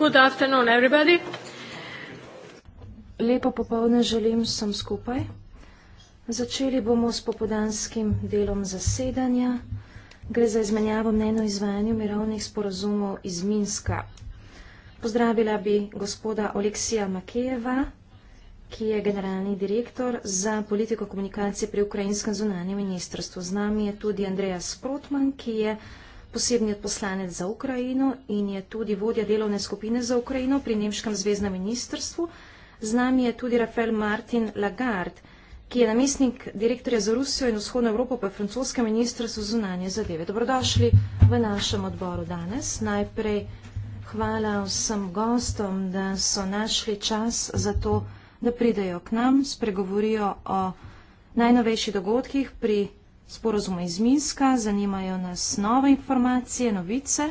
Good afternoon, everybody. Lepo popovdne želim vsem skupaj. Začeli bomo s popodanskim delom zasedanja. Gre za izmenjavo mneno izvajanju mirovnih sporazumov iz Minska. Pozdravila bi gospoda Oleksija Makejeva, ki je generalni direktor za politiko komunikacije pri Ukrajinskem zunanjem ministrstvu. Z nami je tudi Andreja Sprotman, ki je posebni odposlanec za Ukrajino in je tudi vodja delovne skupine za Ukrajino pri Nemškem zvezdnem ministrstvu. Z nami je tudi Rafael Martin Lagarde, ki je namestnik direktorja za Rusijo in vzhodno Evropo pa francoskem ministrstvu zunanje zadeve. Dobrodošli v našem odboru danes. Najprej hvala vsem gostom, da so našli čas za to, da pridejo k nam, spregovorijo o najnovejših dogodkih pri sporozuma iz Minska, zanimajo nas nove informacije, novice.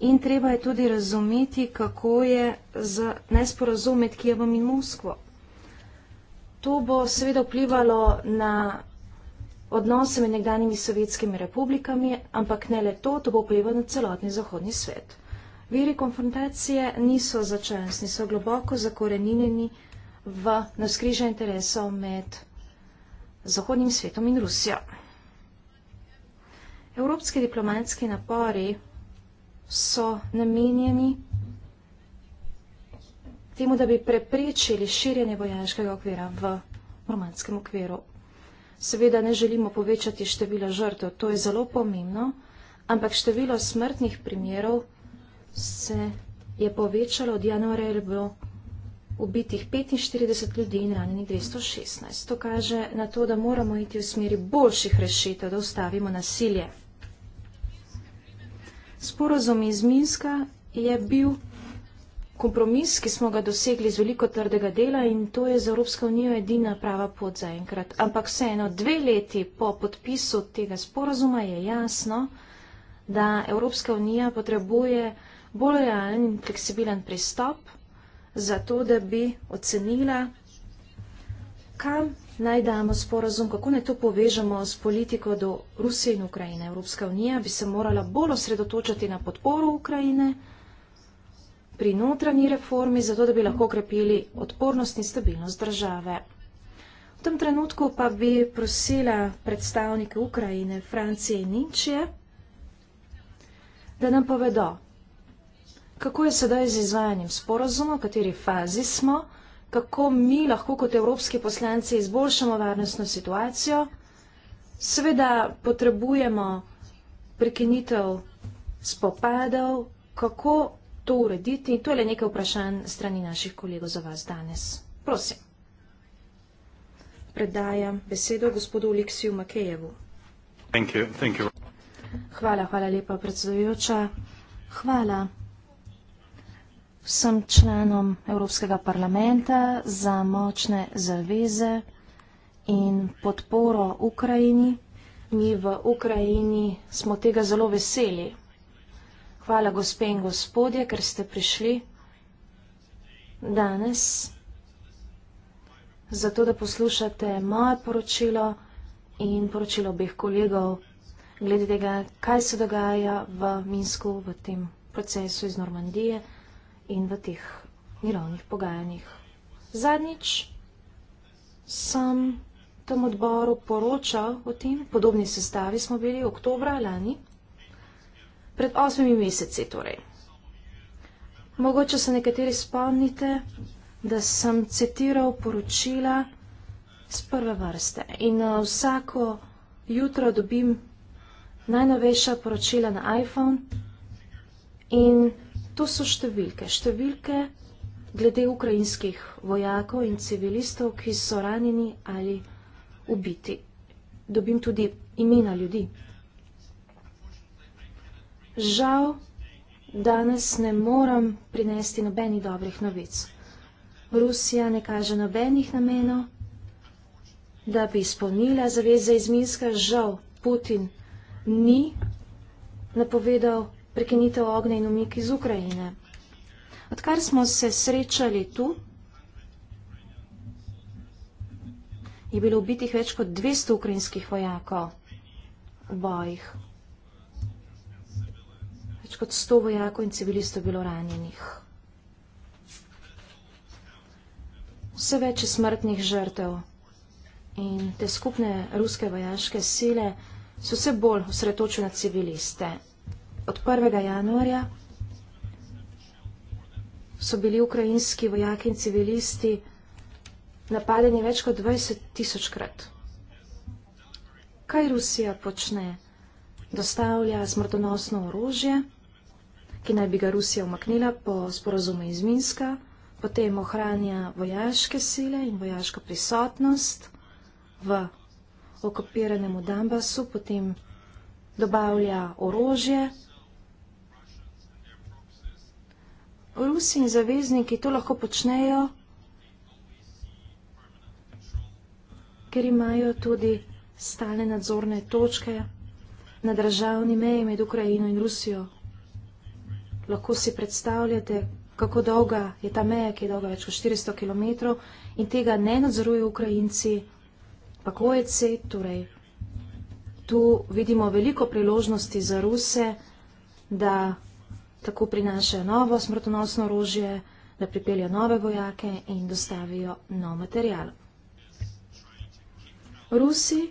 In treba je tudi razumeti, kako je za nesporazum med Kijevom in Moskvo. To bo seveda vplivalo na odnose med nekdanjimi sovjetskimi republikami, ampak ne le to, to bo vplivalo na celotni zahodni svet. Viri konfrontacije niso začasni, so globoko zakorenjeni v naskrižje interesov med Zahodnim svetom in Rusijo. Evropski diplomatski napori so namenjeni temu, da bi preprečili širjenje vojaškega okvira v romanskem okviru. Seveda ne želimo povečati števila žrtev, to je zelo pomembno, ampak število smrtnih primerov se je povečalo od januarja, je bilo ubitih 45 ljudi in ranjenih 216. To kaže na to, da moramo iti v smeri boljših rešitev, da ustavimo nasilje. Sporozum iz Minska je bil kompromis, ki smo ga dosegli z veliko trdega dela in to je za Evropsko unijo edina prava pot zaenkrat. Ampak vseeno, dve leti po podpisu tega sporozuma je jasno, da Evropska unija potrebuje bolj realen in fleksibilen pristop zato da bi ocenila, kam naj damo sporazum, kako naj to povežemo s politiko do Rusije in Ukrajine. Evropska unija bi se morala bolj osredotočati na podporo Ukrajine pri notranji reformi, zato da bi lahko okrepili odpornost in stabilnost države. V tem trenutku pa bi prosila predstavnike Ukrajine, Francije in Nemčije, da nam povedo, kako je sedaj z izvajanjem sporozuma, v kateri fazi smo, kako mi lahko kot evropski poslanci izboljšamo varnostno situacijo. Seveda potrebujemo prekinitev spopadov, kako to urediti. To je le nekaj vprašanj strani naših kolegov za vas danes. Prosim. Predajam besedo gospodu Oliksiju Makejevu. Thank you. Thank you. Hvala, hvala lepa, predsedujoča. Hvala vsem članom Evropskega parlamenta za močne zaveze in podporo Ukrajini. Mi v Ukrajini smo tega zelo veseli. Hvala gospe in gospodje, ker ste prišli danes, zato da poslušate moje poročilo in poročilo obih kolegov glede tega, kaj se dogaja v Minsku v tem procesu iz Normandije in v teh mirovnih pogajanjih. Zadnjič sem tam odboru poročal o tem, podobni sestavi smo bili oktobra lani, pred osmimi meseci torej. Mogoče se nekateri spomnite, da sem citiral poročila z prve vrste in uh, vsako jutro dobim najnovejša poročila na iPhone in To so številke. Številke glede ukrajinskih vojakov in civilistov, ki so ranjeni ali ubiti. Dobim tudi imena ljudi. Žal danes ne moram prinesti nobenih dobrih novic. Rusija ne kaže nobenih namenov, da bi izpolnila zaveze iz Minska. Žal Putin ni napovedal prekinitev ognja in umik iz Ukrajine. Odkar smo se srečali tu, je bilo ubitih več kot 200 ukrajinskih vojakov v bojih. Več kot 100 vojakov in civilistov bilo ranjenih. Vse več smrtnih žrtev in te skupne ruske vojaške sile so vse bolj osredotočene na civiliste od 1. januarja so bili ukrajinski vojaki in civilisti napadeni več kot 20 tisočkrat. Kaj Rusija počne? Dostavlja smrtonosno orožje, ki naj bi ga Rusija umaknila po sporozumu iz Minska, potem ohranja vojaške sile in vojaško prisotnost v okupiranemu Dambasu, potem dobavlja orožje, Rusi in zavezniki to lahko počnejo, ker imajo tudi stalne nadzorne točke na državni meji med Ukrajino in Rusijo. Lahko si predstavljate, kako dolga je ta meja, ki je dolga več kot 400 km in tega ne nadzorujo Ukrajinci, pa OEC. Torej, tu vidimo veliko priložnosti za Ruse, da tako prinašajo novo smrtonosno orožje, da pripeljajo nove vojake in dostavijo nov material. Rusi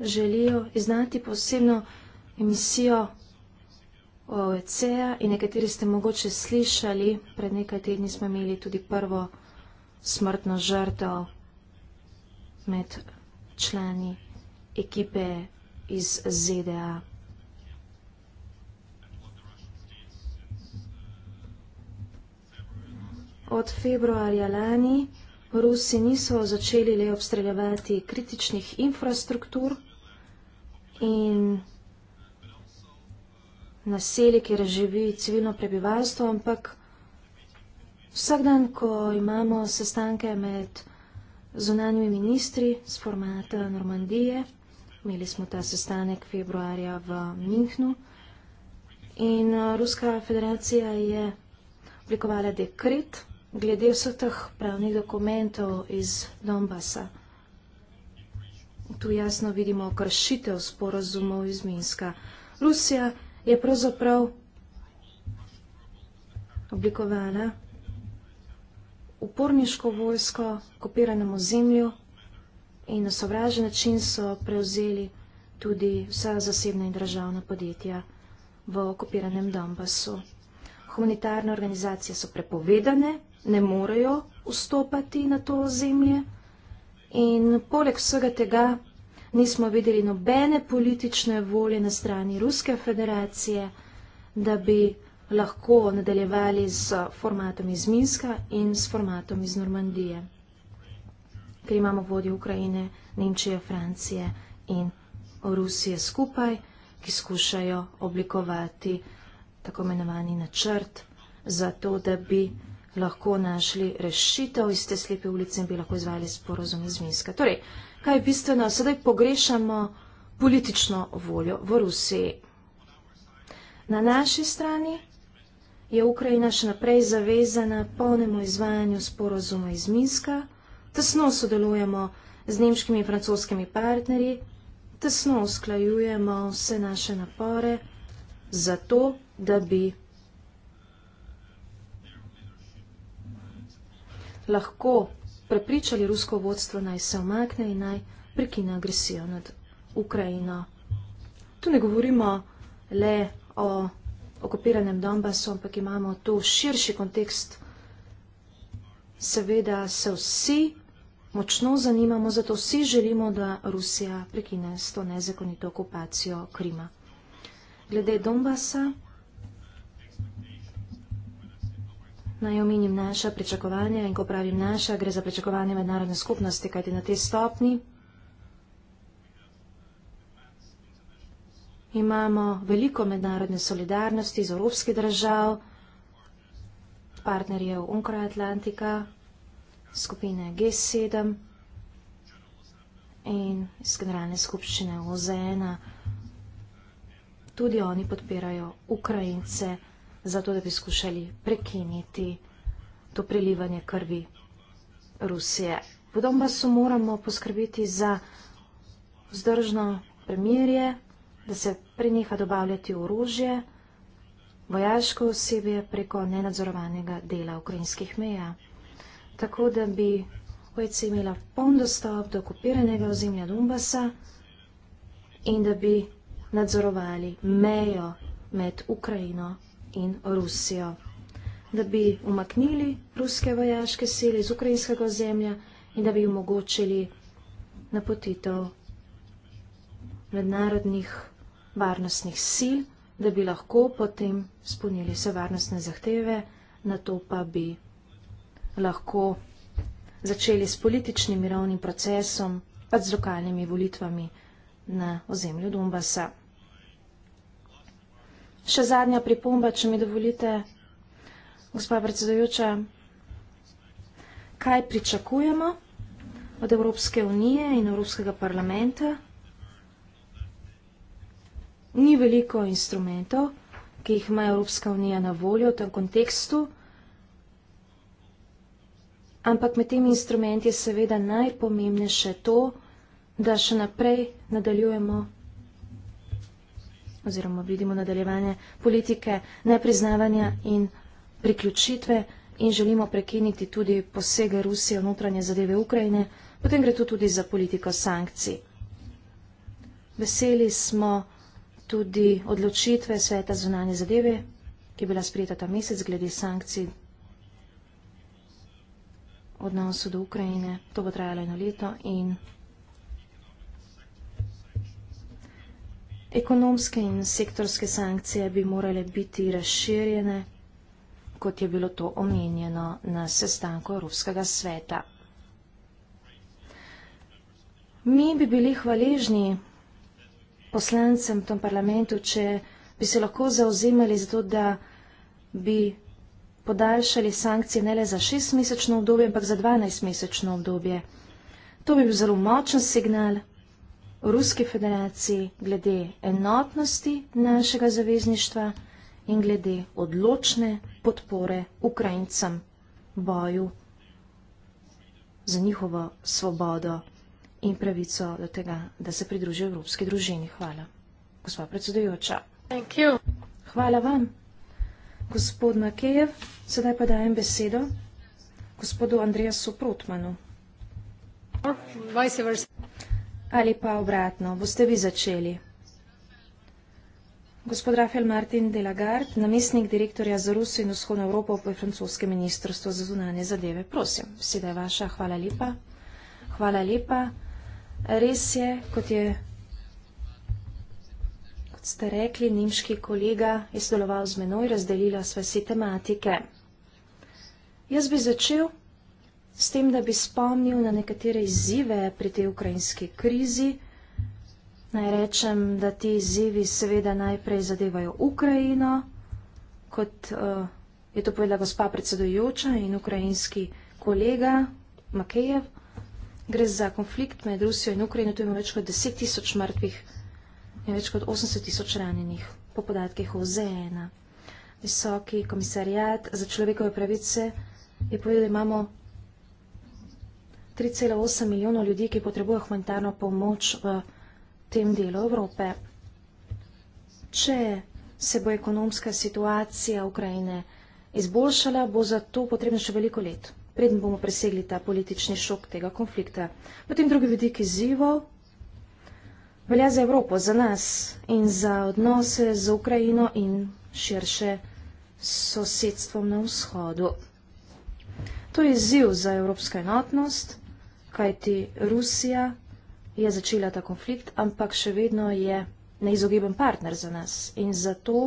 želijo iznati posebno emisijo OECA in nekateri ste mogoče slišali, pred nekaj tedni smo imeli tudi prvo smrtno žrtev med člani ekipe iz ZDA. Od februarja lani Rusi niso začeli le obstreljevati kritičnih infrastruktur in naselje, kjer živi civilno prebivalstvo, ampak vsak dan, ko imamo sestanke med zunanjimi ministri z formata Normandije, imeli smo ta sestanek februarja v Minhnu in uh, Ruska federacija je oblikovala dekret, glede vseh teh pravnih dokumentov iz Donbasa. Tu jasno vidimo kršitev sporozumov iz Minska. Rusija je pravzaprav oblikovana uporniško vojsko, kopiranemu zemlju in na sovražen način so prevzeli tudi vsa zasebna in državna podjetja v okupiranem Donbasu. Humanitarne organizacije so prepovedane, ne morejo vstopati na to ozemlje. In poleg vsega tega nismo videli nobene politične volje na strani Ruske federacije, da bi lahko nadaljevali s formatom iz Minska in s formatom iz Normandije, ker imamo vodje Ukrajine, Nemčije, Francije in Rusije skupaj, ki skušajo oblikovati tako imenovani načrt za to, da bi lahko našli rešitev iz te slepe ulice in bi lahko izvajali sporozum iz Minska. Torej, kaj je bistveno? Sedaj pogrešamo politično voljo v Rusiji. Na naši strani je Ukrajina še naprej zavezana polnemu izvajanju sporozuma iz Minska. Tesno sodelujemo z nemškimi in francoskimi partnerji, tesno usklajujemo vse naše napore za to, da bi lahko prepričali rusko vodstvo naj se omakne in naj prekine agresijo nad Ukrajino. Tu ne govorimo le o okupiranem Donbasu, ampak imamo tu širši kontekst. Seveda se vsi močno zanimamo, zato vsi želimo, da Rusija prekine s to nezakonito okupacijo Krima. Glede Donbasa. Naj omenim naša pričakovanja in ko pravim naša, gre za pričakovanje mednarodne skupnosti, kajti na te stopni imamo veliko mednarodne solidarnosti iz evropskih držav, partnerjev onkraj Atlantika, skupine G7 in iz generalne skupščine OZN-a. Tudi oni podpirajo Ukrajince zato da bi skušali prekiniti to prelivanje krvi Rusije. Potem pa so moramo poskrbeti za vzdržno premirje, da se preniha dobavljati orožje, vojaško osebje preko nenadzorovanega dela ukrajinskih meja. Tako da bi OEC imela poln dostop do okupiranega ozemlja Dumbasa in da bi nadzorovali mejo med Ukrajino in Rusijo, da bi umaknili ruske vojaške sile iz ukrajinskega ozemlja in da bi omogočili napotitev mednarodnih varnostnih sil, da bi lahko potem spolnili vse varnostne zahteve, na to pa bi lahko začeli s političnim mirovnim procesom, pa z lokalnimi volitvami na ozemlju Dombasa. Še zadnja pripomba, če mi dovolite, gospa predsedujoča. Kaj pričakujemo od Evropske unije in Evropskega parlamenta? Ni veliko instrumentov, ki jih ima Evropska unija na voljo v tem kontekstu, ampak med temi instrumenti je seveda najpomembnejše to, da še naprej nadaljujemo oziroma vidimo nadaljevanje politike nepriznavanja in priključitve in želimo prekiniti tudi posege Rusije v notranje zadeve Ukrajine, potem gre tu tudi za politiko sankcij. Veseli smo tudi odločitve Sveta zunanje zadeve, ki je bila sprejeta ta mesec glede sankcij odnosu do Ukrajine. To bo trajalo eno leto in Ekonomske in sektorske sankcije bi morale biti razširjene, kot je bilo to omenjeno na sestanku Evropskega sveta. Mi bi bili hvaležni poslancem v tom parlamentu, če bi se lahko zauzemali za to, da bi podaljšali sankcije ne le za šestmesečno obdobje, ampak za dvanajstmesečno obdobje. To bi bil zelo močen signal Ruski federaciji glede enotnosti našega zavezništva in glede odločne podpore Ukrajincem boju za njihovo svobodo in pravico do tega, da se pridružijo evropski družini. Hvala, gospa predsedujoča. Hvala vam, gospod Makejev. Sedaj pa dajem besedo gospodu Andreju Soprotmanu. Ali pa obratno, boste vi začeli. Gospod Rafael Martin de Lagarde, namestnik direktorja za Rusijo in vzhodno Evropo v francoskem ministrstvu za zunanje zadeve. Prosim, sedaj vaša. Hvala lepa. Hvala lepa. Res je, kot je, kot ste rekli, nemški kolega je sodeloval z menoj, razdelila sva si tematike. Jaz bi začel s tem, da bi spomnil na nekatere izzive pri tej ukrajinski krizi. Naj rečem, da ti izzivi seveda najprej zadevajo Ukrajino, kot eh, je to povedala gospa predsedujoča in ukrajinski kolega Makejev. Gre za konflikt med Rusijo in Ukrajino, tu ima več kot 10 tisoč mrtvih in več kot 80 tisoč ranjenih, po podatkih OZN-a. Visoki komisarjat za človekove pravice je povedal, da imamo 3,8 milijonov ljudi, ki potrebujejo humanitarno pomoč v tem delu Evrope. Če se bo ekonomska situacija Ukrajine izboljšala, bo za to potrebno še veliko let, predn bomo presegli ta politični šok tega konflikta. Potem drugi vidik izzivov velja za Evropo, za nas in za odnose z Ukrajino in širše sosedstvom na vzhodu. To je izziv za evropsko enotnost kajti Rusija je začela ta konflikt, ampak še vedno je neizogiben partner za nas. In zato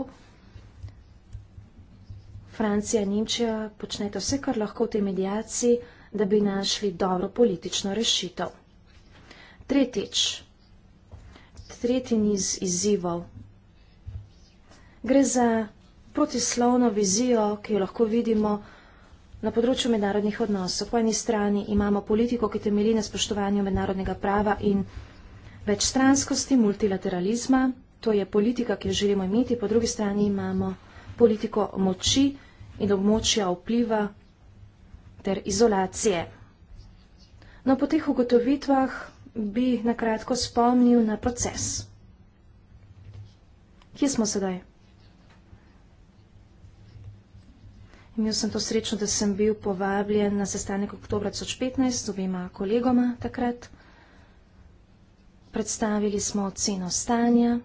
Francija in Nemčija počnete vse, kar lahko v tej medijaciji, da bi našli dobro politično rešitev. Tretjič, tretji niz izzivov. Gre za protislovno vizijo, ki jo lahko vidimo vsega, Na področju mednarodnih odnosov, po eni strani imamo politiko, ki temelji na spoštovanju mednarodnega prava in večstranskosti multilateralizma, to je politika, ki jo želimo imeti, po drugi strani imamo politiko moči in območja vpliva ter izolacije. No, po teh ugotovitvah bi nakratko spomnil na proces. Kje smo sedaj? Imel sem to srečo, da sem bil povabljen na sestanek oktober 2015 z obima kolegoma takrat. Predstavili smo ceno stanja,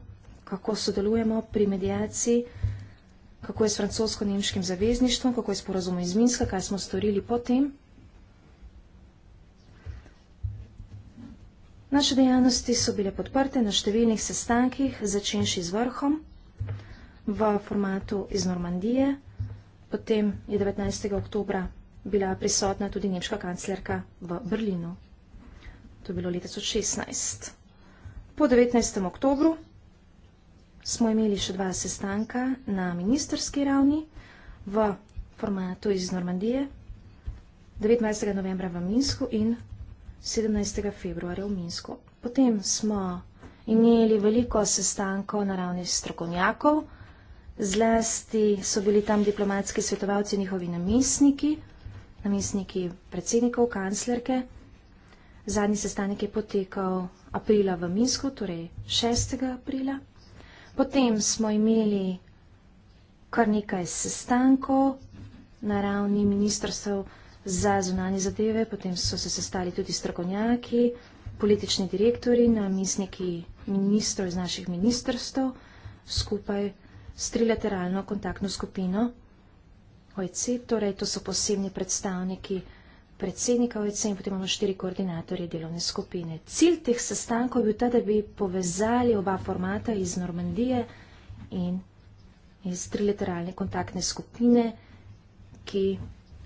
kako sodelujemo pri medijaciji, kako je s francosko-nemškim zavezništvom, kako je s porazumom iz Minska, kaj smo storili potem. Naše dejavnosti so bile podprte na številnih sestankih, začenši z vrhom v formatu iz Normandije – Potem je 19. oktobra bila prisotna tudi nemška kanclerka v Berlinu. To je bilo leta 2016. Po 19. oktobru smo imeli še dva sestanka na ministerski ravni v formatu iz Normandije, 19. novembra v Minsku in 17. februarja v Minsku. Potem smo imeli veliko sestankov na ravni strokovnjakov, zlasti so bili tam diplomatski svetovalci njihovi namestniki, namestniki predsednikov, kanclerke. Zadnji sestanek je potekal aprila v Minsku, torej 6. aprila. Potem smo imeli kar nekaj sestankov na ravni ministrstv za zunanje zadeve, potem so se sestali tudi strokovnjaki, politični direktori, namestniki ministrov iz naših ministrstv, skupaj s trilateralno kontaktno skupino. OEC, torej to so posebni predstavniki predsednika OEC in potem imamo štiri koordinatorje delovne skupine. Cilj teh sestankov je bil ta, da bi povezali oba formata iz Normandije in iz trilateralne kontaktne skupine, ki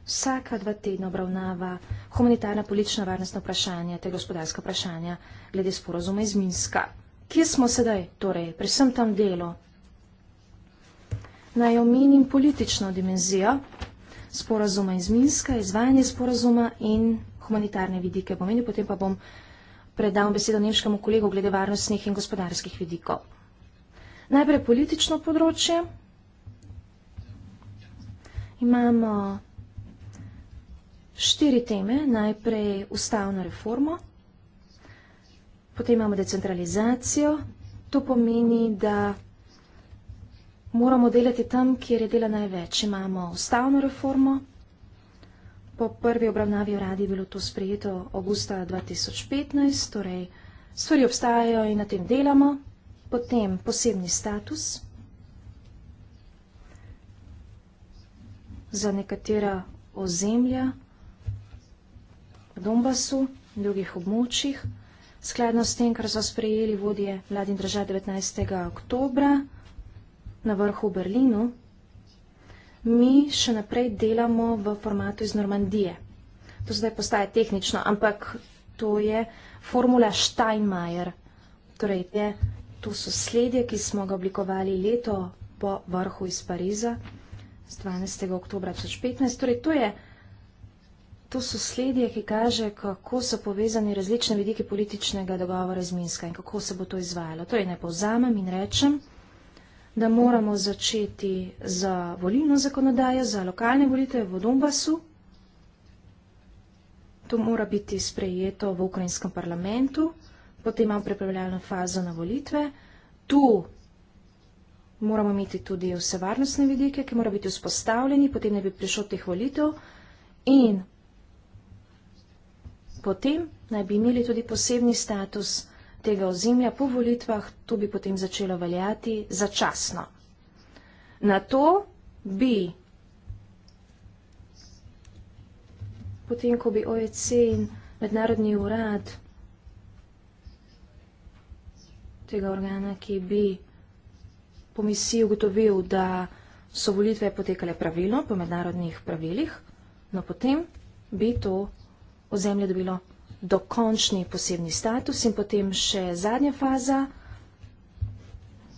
vsaka dva tedna obravnava humanitarna politična varnostna vprašanja, te gospodarska vprašanja glede sporozuma iz Minska. Kje smo sedaj? Torej, pri vsem tam delu Naj omenim politično dimenzijo sporazuma iz Minska, izvajanje sporazuma in humanitarne vidike. Pomeni, potem pa bom predal besedo nemškemu kolegu glede varnostnih in gospodarskih vidikov. Najprej politično področje. Imamo štiri teme. Najprej ustavno reformo, potem imamo decentralizacijo. To pomeni, da moramo delati tam, kjer je dela največ. Imamo ustavno reformo. Po prvi obravnavi uradi je bilo to sprejeto augusta 2015, torej stvari obstajajo in na tem delamo. Potem posebni status. za nekatera ozemlja v Donbasu, v drugih območjih, skladno s tem, kar so sprejeli vodje vladin držav 19. oktobra na vrhu v Berlinu, mi še naprej delamo v formatu iz Normandije. To zdaj postaje tehnično, ampak to je formula Steinmeier. Torej, je, to so sledje, ki smo ga oblikovali leto po vrhu iz Pariza, z 12. oktobra 2015. Torej, to, je, to so sledje, ki kaže, kako so povezani različne vidiki političnega dogovora iz Minska in kako se bo to izvajalo. Torej, ne povzamem in rečem, da moramo začeti za volilno zakonodajo, za lokalne volitve v Donbasu. To mora biti sprejeto v ukrajinskem parlamentu, potem imamo pripravljalno fazo na volitve. Tu moramo imeti tudi vse varnostne vidike, ki mora biti vzpostavljeni, potem ne bi prišlo teh volitev in potem naj bi imeli tudi posebni status vsega tega ozemlja po volitvah, to bi potem začelo veljati začasno. Na to bi, potem ko bi OEC in mednarodni urad tega organa, ki bi pomisiji ugotovil, da so volitve potekale pravilno po mednarodnih pravilih, no potem bi to ozemlje dobilo dokončni posebni status in potem še zadnja faza.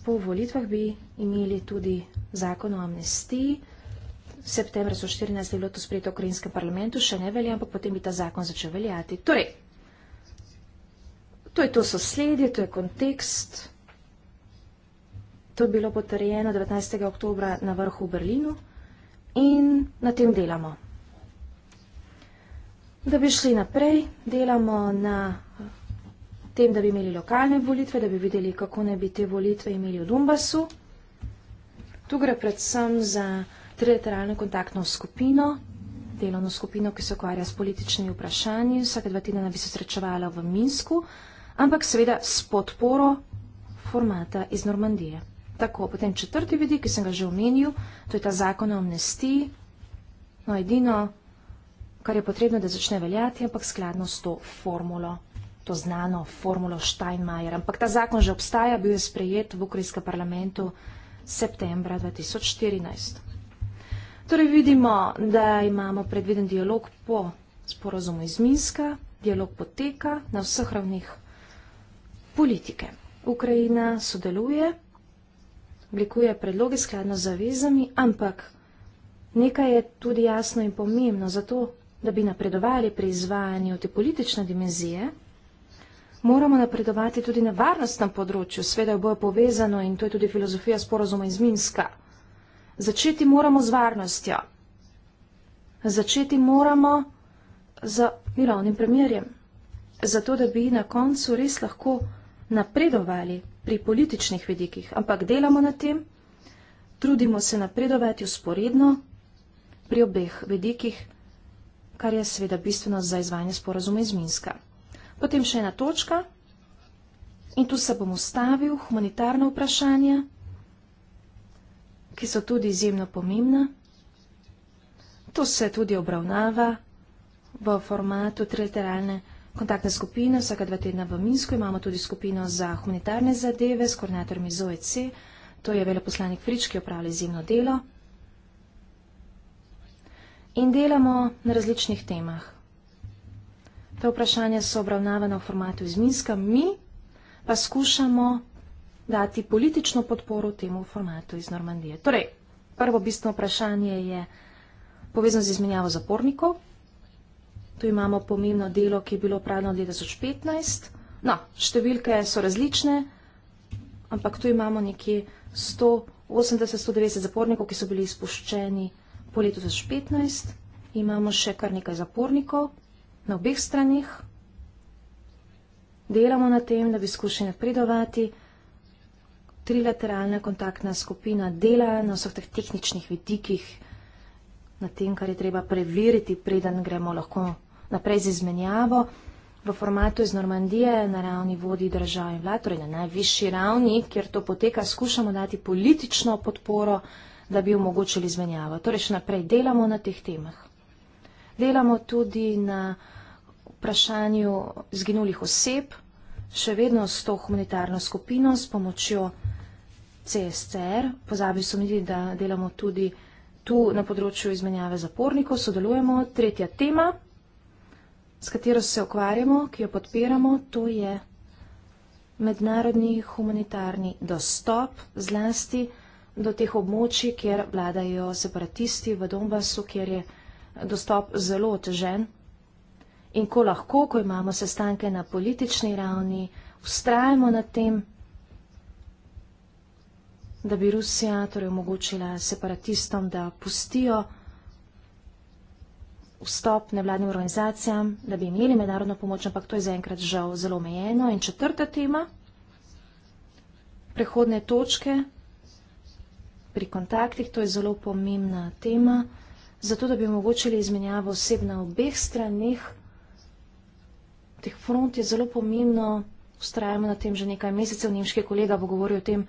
Po volitvah bi imeli tudi zakon o amnestiji. V septembru so 14 bilo to sprejeto v ukrajinskem parlamentu, še ne velja, ampak potem bi ta zakon začel veljati. Torej, to je to sosledje, to je kontekst. To je bilo potrjeno 19. oktobra na vrhu v Berlinu in na tem delamo da bi šli naprej, delamo na tem, da bi imeli lokalne volitve, da bi videli, kako ne bi te volitve imeli v Dumbasu. Tu gre predvsem za trilateralno kontaktno skupino, delovno skupino, ki se ukvarja s političnimi vprašanji. Vsake dva tedna bi se srečevala v Minsku, ampak seveda s podporo formata iz Normandije. Tako, potem četrti vidik, ki sem ga že omenil, to je ta zakon o amnestiji. No, edino, kar je potrebno, da začne veljati, ampak skladno s to formulo, to znano formulo Steinmeier. Ampak ta zakon že obstaja, bil je sprejet v ukrajinskem parlamentu septembra 2014. Torej vidimo, da imamo predviden dialog po sporozumu iz Minska, dialog poteka na vseh ravnih politike. Ukrajina sodeluje, oblikuje predloge skladno z zavezami, ampak nekaj je tudi jasno in pomembno, zato da bi napredovali pri izvajanju te politične dimenzije, moramo napredovati tudi na varnostnem področju, sveda bo povezano in to je tudi filozofija sporozuma iz Minska. Začeti moramo z varnostjo. Začeti moramo z mirovnim premjerjem, zato da bi na koncu res lahko napredovali pri političnih vidikih, ampak delamo na tem, trudimo se napredovati usporedno pri obeh vidikih, kar je seveda bistveno za izvajanje sporazuma iz Minska. Potem še ena točka in tu se bom ustavil, humanitarno vprašanje, ki so tudi izjemno pomembna. To se tudi obravnava v formatu trilateralne kontaktne skupine. Vsaka dva tedna v Minsku imamo tudi skupino za humanitarne zadeve s koordinatorjem iz OEC. To je veleposlanik Frič, ki opravlja izjemno delo in delamo na različnih temah. Te vprašanja so obravnavana v formatu iz Minska, mi pa skušamo dati politično podporo temu formatu iz Normandije. Torej, prvo bistveno vprašanje je povezano z izmenjavo zapornikov. Tu imamo pomembno delo, ki je bilo pravno od 2015. No, številke so različne, ampak tu imamo nekje 180-190 zapornikov, ki so bili izpuščeni Po letu 2015 imamo še kar nekaj zapornikov na obeh stranih. Delamo na tem, da bi skušali napredovati. Trilateralna kontaktna skupina dela na vseh teh tehničnih vidikih, na tem, kar je treba preveriti, preden gremo lahko naprej z izmenjavo. V formatu iz Normandije na ravni vodi države in vlad, torej na najvišji ravni, kjer to poteka, skušamo dati politično podporo da bi omogočili izmenjavo. Torej, še naprej delamo na teh temah. Delamo tudi na vprašanju izginulih oseb, še vedno s to humanitarno skupino, s pomočjo CSCR. Pozabi so mi, da delamo tudi tu na področju izmenjave zapornikov, sodelujemo. Tretja tema, s katero se ukvarjamo, ki jo podpiramo, to je mednarodni humanitarni dostop zlasti do teh območij, kjer vladajo separatisti v Donbasu, kjer je dostop zelo otežen. In ko lahko, ko imamo sestanke na politični ravni, ustrajamo na tem, da bi Rusija torej omogočila separatistom, da pustijo vstop nevladnim organizacijam, da bi imeli mednarodno pomoč, ampak to je zaenkrat žal zelo omejeno. In četrta tema, prehodne točke, pri kontaktih, to je zelo pomembna tema, zato da bi omogočili izmenjavo oseb na obeh stranih. Teh front je zelo pomembno, ustrajamo na tem že nekaj mesecev, nemški kolega bo govoril o tem,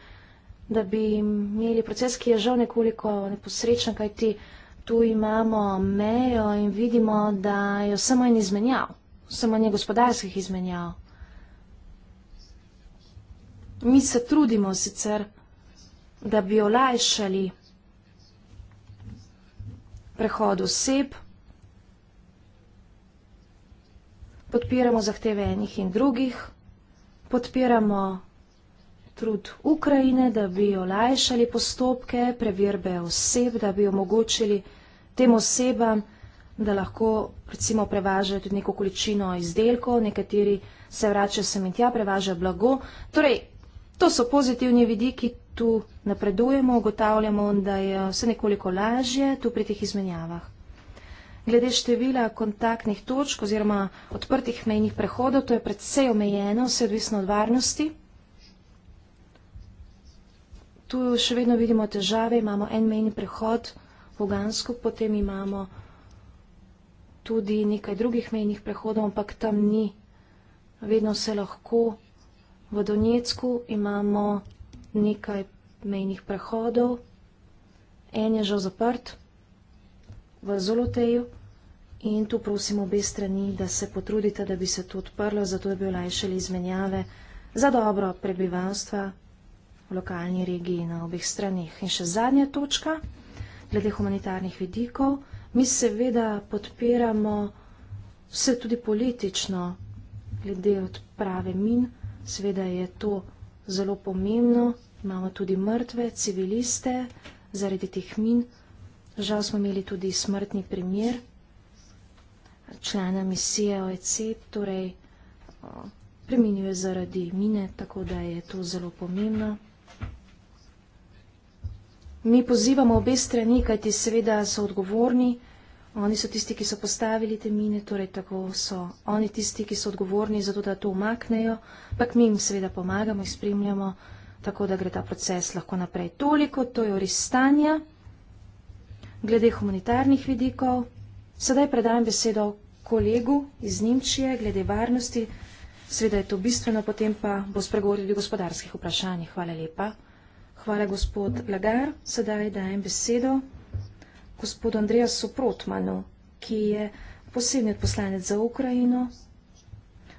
da bi imeli proces, ki je žal nekoliko neposrečen, kajti tu imamo mejo in vidimo, da je vse manj izmenjav, vse manj gospodarskih izmenjav. Mi se trudimo sicer da bi olajšali prehod oseb. Podpiramo zahteve enih in drugih. Podpiramo trud Ukrajine, da bi olajšali postopke, preverbe oseb, da bi omogočili tem osebam, da lahko recimo prevažajo tudi neko količino izdelkov, nekateri se vračajo sem in tja, prevažajo blago. Torej, to so pozitivni vidiki, tu napredujemo, ugotavljamo, da je vse nekoliko lažje tu pri teh izmenjavah. Glede števila kontaktnih točk oziroma odprtih mejnih prehodov, to je predvsej omejeno, vse odvisno od varnosti. Tu še vedno vidimo težave, imamo en mejni prehod v Ugansku, potem imamo tudi nekaj drugih mejnih prehodov, ampak tam ni. Vedno se lahko v Donetsku imamo nekaj mejnih prehodov, en je žal zaprt v Zoloteju in tu prosim obe strani, da se potrudite, da bi se to odprlo, zato da bi olajšali izmenjave za dobro prebivalstva v lokalni regiji na obih stranih. In še zadnja točka, glede humanitarnih vidikov, mi seveda podpiramo vse tudi politično glede odprave min, seveda je to vsega, zelo pomembno. Imamo tudi mrtve, civiliste zaradi teh min. Žal smo imeli tudi smrtni primer člana misije OEC, torej preminil je zaradi mine, tako da je to zelo pomembno. Mi pozivamo obe strani, kajti seveda so odgovorni. Oni so tisti, ki so postavili te mine, torej tako so. Oni tisti, ki so odgovorni za to, da to umaknejo, pak mi jim seveda pomagamo in spremljamo, tako da gre ta proces lahko naprej. Toliko, to je oristanja. Glede humanitarnih vidikov, sedaj predajam besedo kolegu iz Nemčije, glede varnosti, seveda je to bistveno, potem pa bo spregovorili o gospodarskih vprašanjih. Hvala lepa. Hvala gospod Lagar, sedaj dajem besedo gospodu Andreasu Protmanu, ki je posebni poslanec za Ukrajino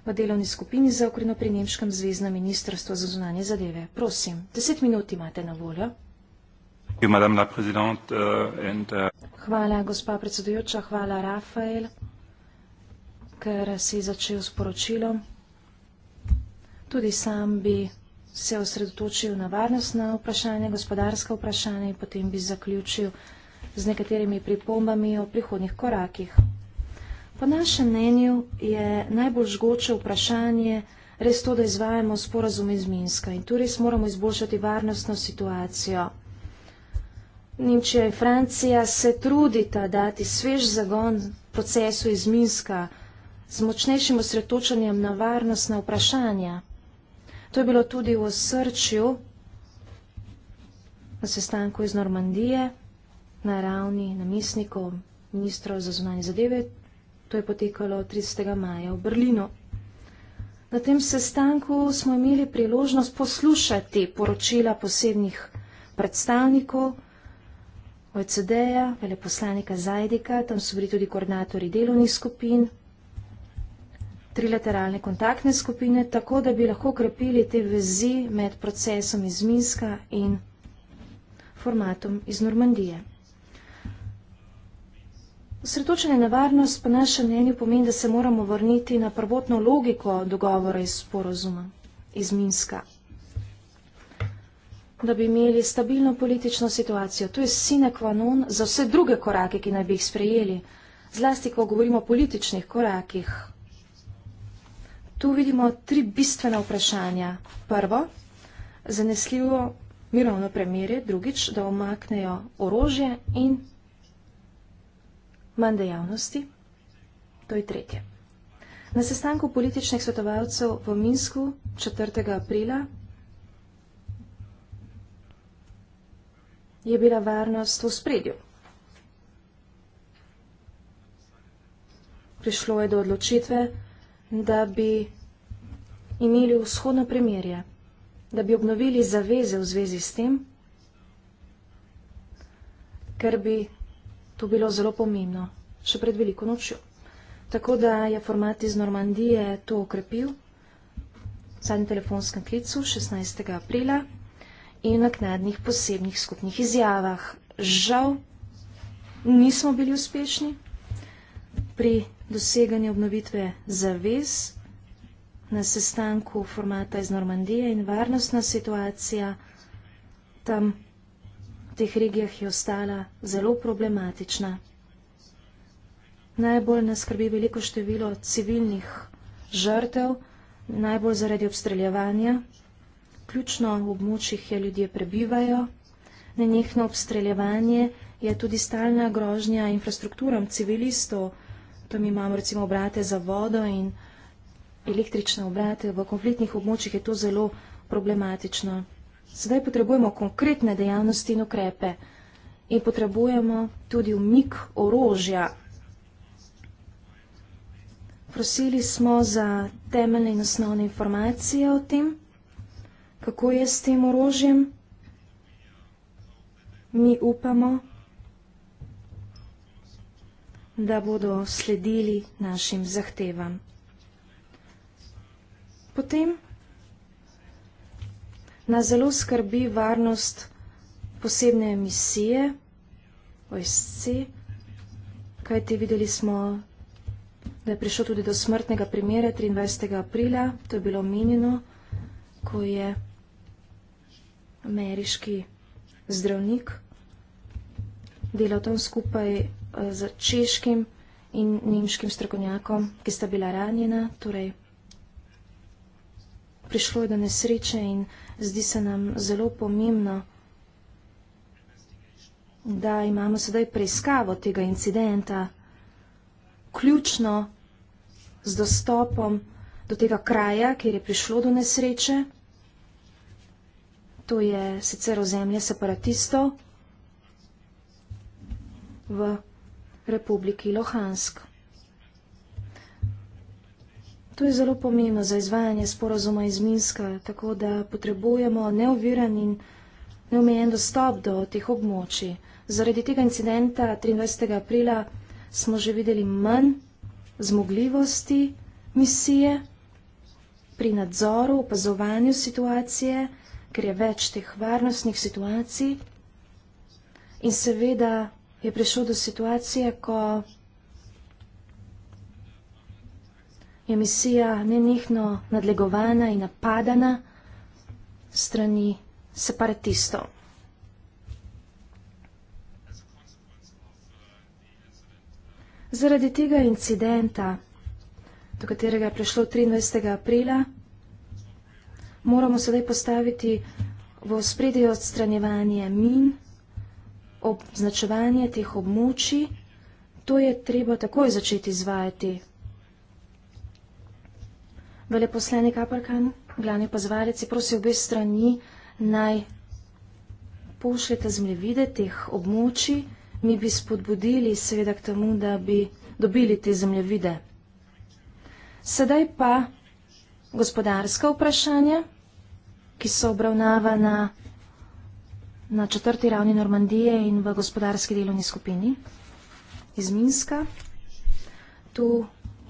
v delovni skupini za Ukrajino pri Nemškem zveznem ministrstvu za zunanje zadeve. Prosim, deset minut imate na voljo. Uh, uh, hvala, gospa predsedujoča, hvala, Rafael, ker si začel s poročilom. Tudi sam bi se osredotočil na varnostna vprašanja, gospodarska vprašanja in potem bi zaključil z nekaterimi pripombami o prihodnih korakih. Po našem mnenju je najbolj žgoče vprašanje res to, da izvajamo sporazum iz Minska in tu res moramo izboljšati varnostno situacijo. Nemčija in Francija se trudita dati svež zagon procesu iz Minska z močnejšim osredotočanjem na varnostna vprašanja. To je bilo tudi v osrčju na sestanku iz Normandije na ravni namestnikov ministrov za zunanje zadeve. To je potekalo 30. maja v Berlinu. Na tem sestanku smo imeli priložnost poslušati poročila posebnih predstavnikov OECD-ja, veleposlanika Zajdika, tam so bili tudi koordinatori delovnih skupin, trilateralne kontaktne skupine, tako da bi lahko krepili te vezi med procesom iz Minska in formatom iz Normandije. Osredotočenje na varnost po našem mnenju pomeni, da se moramo vrniti na prvotno logiko dogovora iz sporozuma, iz Minska. Da bi imeli stabilno politično situacijo. To je sine qua non za vse druge korake, ki naj bi jih sprejeli. Zlasti, ko govorimo o političnih korakih. Tu vidimo tri bistvena vprašanja. Prvo, zanesljivo mirovno premirje, drugič, da omaknejo orožje in manj dejavnosti. To je tretje. Na sestanku političnih svetovalcev v Minsku 4. aprila je bila varnost v spredju. Prišlo je do odločitve, da bi imeli vzhodno premirje, da bi obnovili zaveze v zvezi s tem, ker bi To bilo zelo pomembno, še pred veliko nočjo. Tako da je format iz Normandije to okrepil v zadnjem telefonskem klicu 16. aprila in na knadnih posebnih skupnih izjavah. Žal nismo bili uspešni pri doseganju obnovitve zavez na sestanku formata iz Normandije in varnostna situacija tam teh regijah je ostala zelo problematična. Najbolj nas skrbi veliko število civilnih žrtev, najbolj zaradi obstreljevanja. Ključno v območjih, kjer ljudje prebivajo, nenehno obstreljevanje je tudi stalna grožnja infrastrukturam civilistov. Tam imamo recimo obrate za vodo in električne obrate. V konfliktnih območjih je to zelo problematično. Sedaj potrebujemo konkretne dejavnosti in ukrepe in potrebujemo tudi umik orožja. Prosili smo za temeljne in osnovne informacije o tem, kako je s tem orožjem. Mi upamo, da bodo sledili našim zahtevam. Potem nas zelo skrbi varnost posebne emisije, OSC, kajti videli smo, da je prišlo tudi do smrtnega primere 23. aprila, to je bilo omenjeno, ko je ameriški zdravnik delal tam skupaj eh, z češkim in nemškim strokovnjakom, ki sta bila ranjena, torej prišlo je do nesreče in zdi se nam zelo pomembno, da imamo sedaj preiskavo tega incidenta, ključno z dostopom do tega kraja, kjer je prišlo do nesreče. To je sicer ozemlje separatistov v Republiki Lohansko. To je zelo pomembno za izvajanje sporazuma iz Minska, tako da potrebujemo neoviran in neomejen dostop do teh območij. Zaradi tega incidenta 23. aprila smo že videli manj zmogljivosti misije pri nadzoru, opazovanju situacije, ker je več teh varnostnih situacij. In seveda je prišlo do situacije, ko je misija nenehno nadlegovana in napadana strani separatistov. Zaradi tega incidenta, do katerega je prišlo 23. aprila, moramo sedaj postaviti v spredje odstranjevanje min, označevanje teh območij, to je treba takoj začeti izvajati veleposlenik Aparkan, glavni pozvalec, je prosil obe strani naj pošljete zemljevide teh območij, mi bi spodbudili seveda k temu, da bi dobili te zemljevide. Sedaj pa gospodarska vprašanja, ki so obravnavana na četrti ravni Normandije in v gospodarski delovni skupini iz Minska. Tu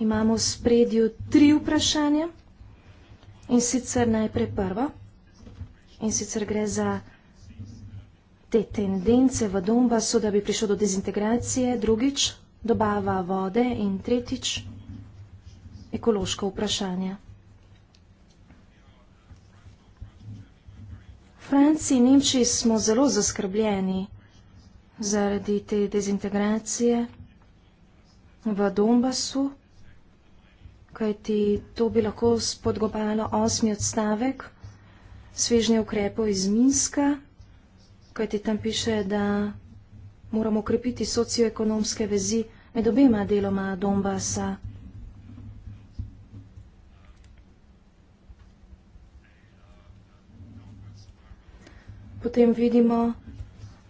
imamo v spredju tri vprašanja. In sicer najprej prvo. In sicer gre za te tendence v Dombasu, da bi prišlo do dezintegracije, drugič dobava vode in tretjič ekološko vprašanje. Franciji in Nemčiji smo zelo zaskrbljeni zaradi te dezintegracije v Dombasu kajti to bi lahko spodgobalo osmi odstavek svežnje ukrepov iz Minska, kajti tam piše, da moramo ukrepiti socioekonomske vezi med obema deloma Donbasa. Potem vidimo,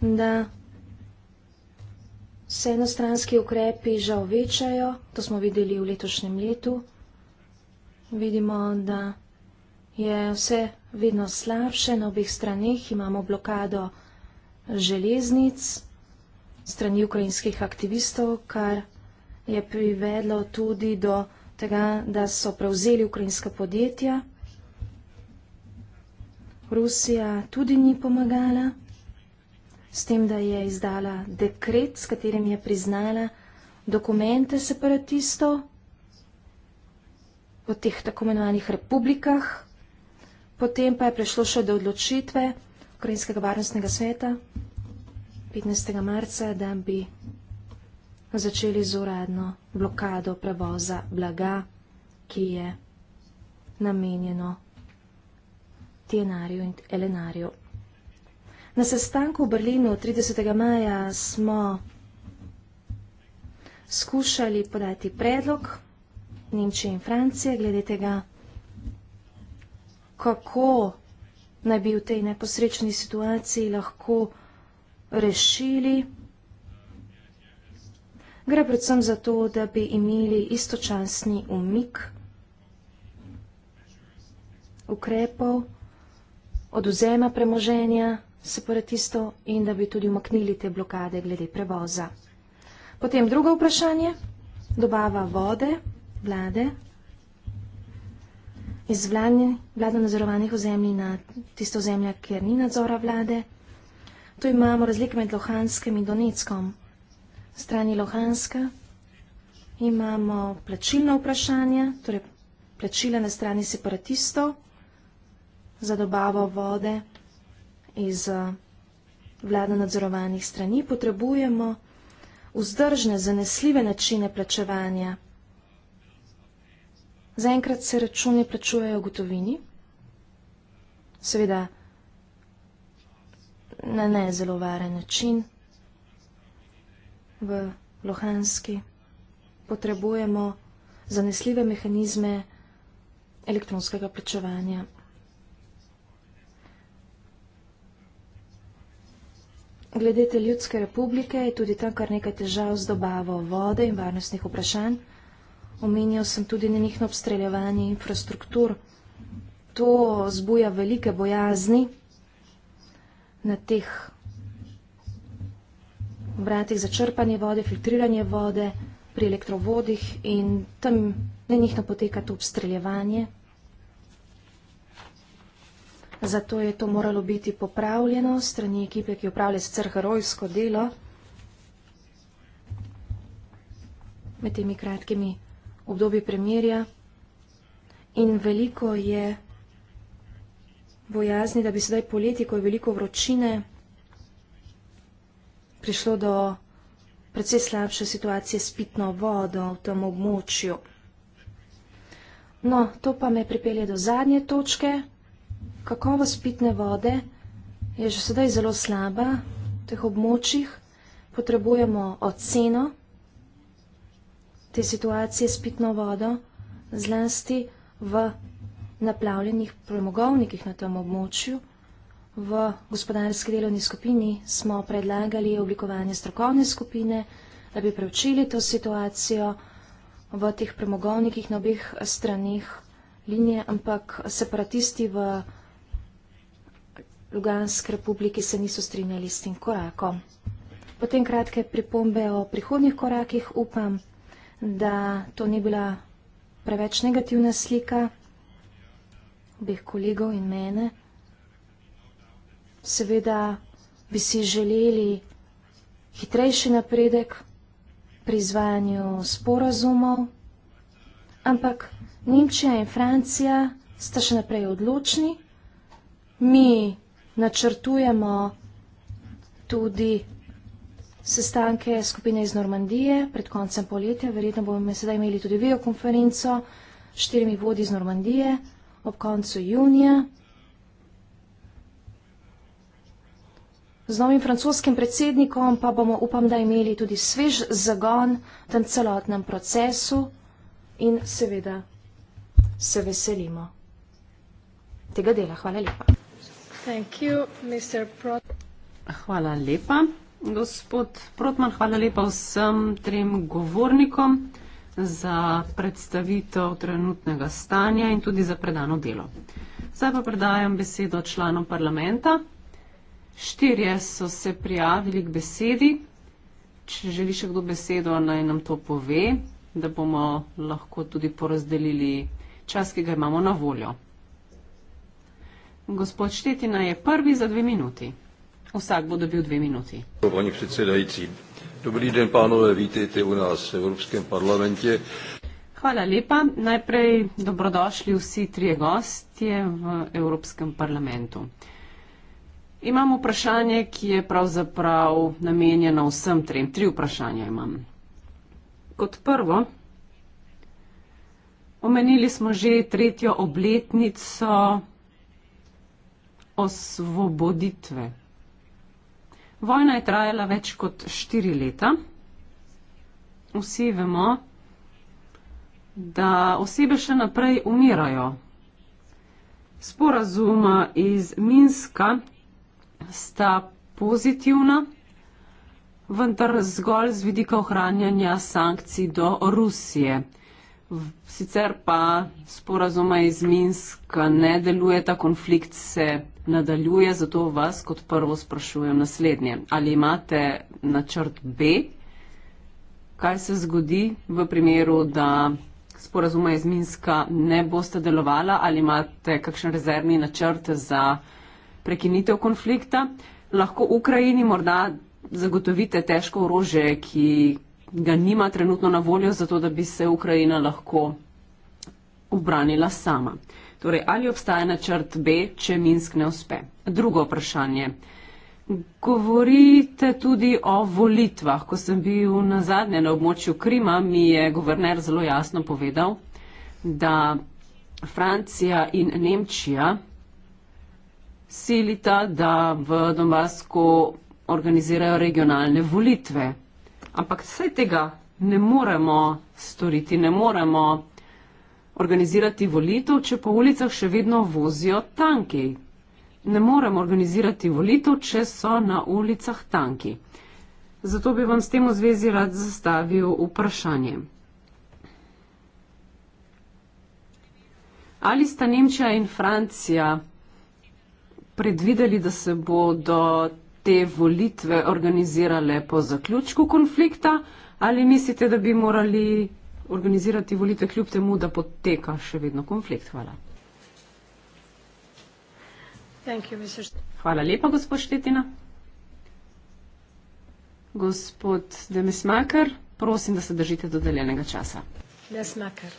da se enostranski ukrepi žal večajo, to smo videli v letošnjem letu, Vidimo, da je vse vedno slabše, na obih stranih imamo blokado železnic strani ukrajinskih aktivistov, kar je privedlo tudi do tega, da so prevzeli ukrajinska podjetja. Rusija tudi ni pomagala s tem, da je izdala dekret, s katerim je priznala dokumente separatistov v teh tako imenovanih republikah. Potem pa je prišlo še do odločitve Ukrajinskega varnostnega sveta 15. marca, da bi začeli z uradno blokado prevoza blaga, ki je namenjeno tjenarju in elenarju. Na sestanku v Berlinu 30. maja smo skušali podati predlog, Nemčije in Francije, glede tega, kako naj bi v tej neposrečni situaciji lahko rešili. Gre predvsem za to, da bi imeli istočasni umik ukrepov, oduzema premoženja separatistov in da bi tudi umaknili te blokade glede prevoza. Potem drugo vprašanje, dobava vode vlade, iz vlade, vlade nadzorovanih ozemlji na tisto ozemlje, kjer ni nadzora vlade. Tu imamo razlike med Lohanskem in Donetskom. V strani Lohanska imamo plačilno vprašanje, torej plačila na strani separatistov za dobavo vode iz eh, vlada nadzorovanih strani. Potrebujemo vzdržne, zanesljive načine plačevanja vlade Zaenkrat se računi plačujejo gotovini. Seveda, na ne zelo varen način. V Lohanski potrebujemo zanesljive mehanizme elektronskega plačevanja. Glede te ljudske republike je tudi tam kar nekaj težav z dobavo vode in varnostnih vprašanj omenjal sem tudi nenihno obstreljevanje infrastruktur. To zbuja velike bojazni na teh obratih za črpanje vode, filtriranje vode pri elektrovodih in tam nenihno poteka to obstreljevanje. Zato je to moralo biti popravljeno strani ekipe, ki upravlja sicer herojsko delo med temi kratkimi obdobje premirja in veliko je bojazni, da bi sedaj poleti, ko je veliko vročine, prišlo do precej slabše situacije s pitno vodo v tem območju. No, to pa me pripelje do zadnje točke. Kakovost pitne vode je že sedaj zelo slaba v teh območjih. Potrebujemo oceno te situacije s pitno vodo, zlasti v naplavljenih premogovnikih na tem območju. V gospodarski delovni skupini smo predlagali oblikovanje strokovne skupine, da bi preučili to situacijo v teh premogovnikih na obeh stranih linije, ampak separatisti v Luganske republike se niso strinjali s tem korakom. Potem kratke pripombe o prihodnjih korakih upam da to ni bila preveč negativna slika obeh kolegov in mene. Seveda bi si želeli hitrejši napredek pri izvajanju sporazumov, ampak Nemčija in Francija sta še naprej odločni. Mi načrtujemo tudi sestanke skupine iz Normandije pred koncem poletja. Verjetno bomo sedaj imeli tudi videokonferenco s štirimi vodi iz Normandije ob koncu junija. Z novim francoskim predsednikom pa bomo upam, da imeli tudi svež zagon v tem celotnem procesu in seveda se veselimo tega dela. Hvala lepa. Hvala lepa. Gospod Protman, hvala lepa vsem trem govornikom za predstavitev trenutnega stanja in tudi za predano delo. Zdaj pa predajam besedo članom parlamenta. Štirje so se prijavili k besedi. Če želi še kdo besedo, naj nam to pove, da bomo lahko tudi porazdelili čas, ki ga imamo na voljo. Gospod Štetina je prvi za dve minuti. Vsak bo dobil dve minuti. Pani predsedajci, dobrý den, panove, vitejte v nas v Evropskem parlamentu. Hvala lepa. Najprej dobrodošli vsi trije gostje v Evropskem parlamentu. Imam vprašanje, ki je pravzaprav namenjeno vsem trem. Tri vprašanja imam. Kot prvo, omenili smo že tretjo obletnico osvoboditve Vojna je trajala več kot štiri leta. Vsi vemo, da osebe še naprej umirajo. Sporazuma iz Minska sta pozitivna, vendar zgolj z vidika ohranjanja sankcij do Rusije. Sicer pa sporazuma iz Minska ne deluje, ta konflikt se nadaljuje, zato vas kot prvo sprašujem naslednje. Ali imate načrt B, kaj se zgodi v primeru, da sporazuma iz Minska ne boste delovala, ali imate kakšen rezervni načrt za prekinitev konflikta? Lahko Ukrajini morda zagotovite težko orože, ki ga nima trenutno na voljo, zato da bi se Ukrajina lahko obranila sama. Torej, ali obstaja načrt B, če Minsk ne uspe? Drugo vprašanje. Govorite tudi o volitvah. Ko sem bil na zadnje na območju Krima, mi je guverner zelo jasno povedal, da Francija in Nemčija silita, da v Donbasku organizirajo regionalne volitve. Ampak vse tega ne moremo storiti, ne moremo organizirati volitev, če po ulicah še vedno vozijo tanki. Ne morem organizirati volitev, če so na ulicah tanki. Zato bi vam s tem v zvezi rad zastavil vprašanje. Ali sta Nemčija in Francija predvideli, da se bodo te volitve organizirale po zaključku konflikta, ali mislite, da bi morali organizirati volitve, kljub temu, da poteka še vedno konflikt. Hvala. You, Hvala lepa, gospod Štetina. Gospod Demesmaker, prosim, da se držite dodeljenega časa. Demesmaker.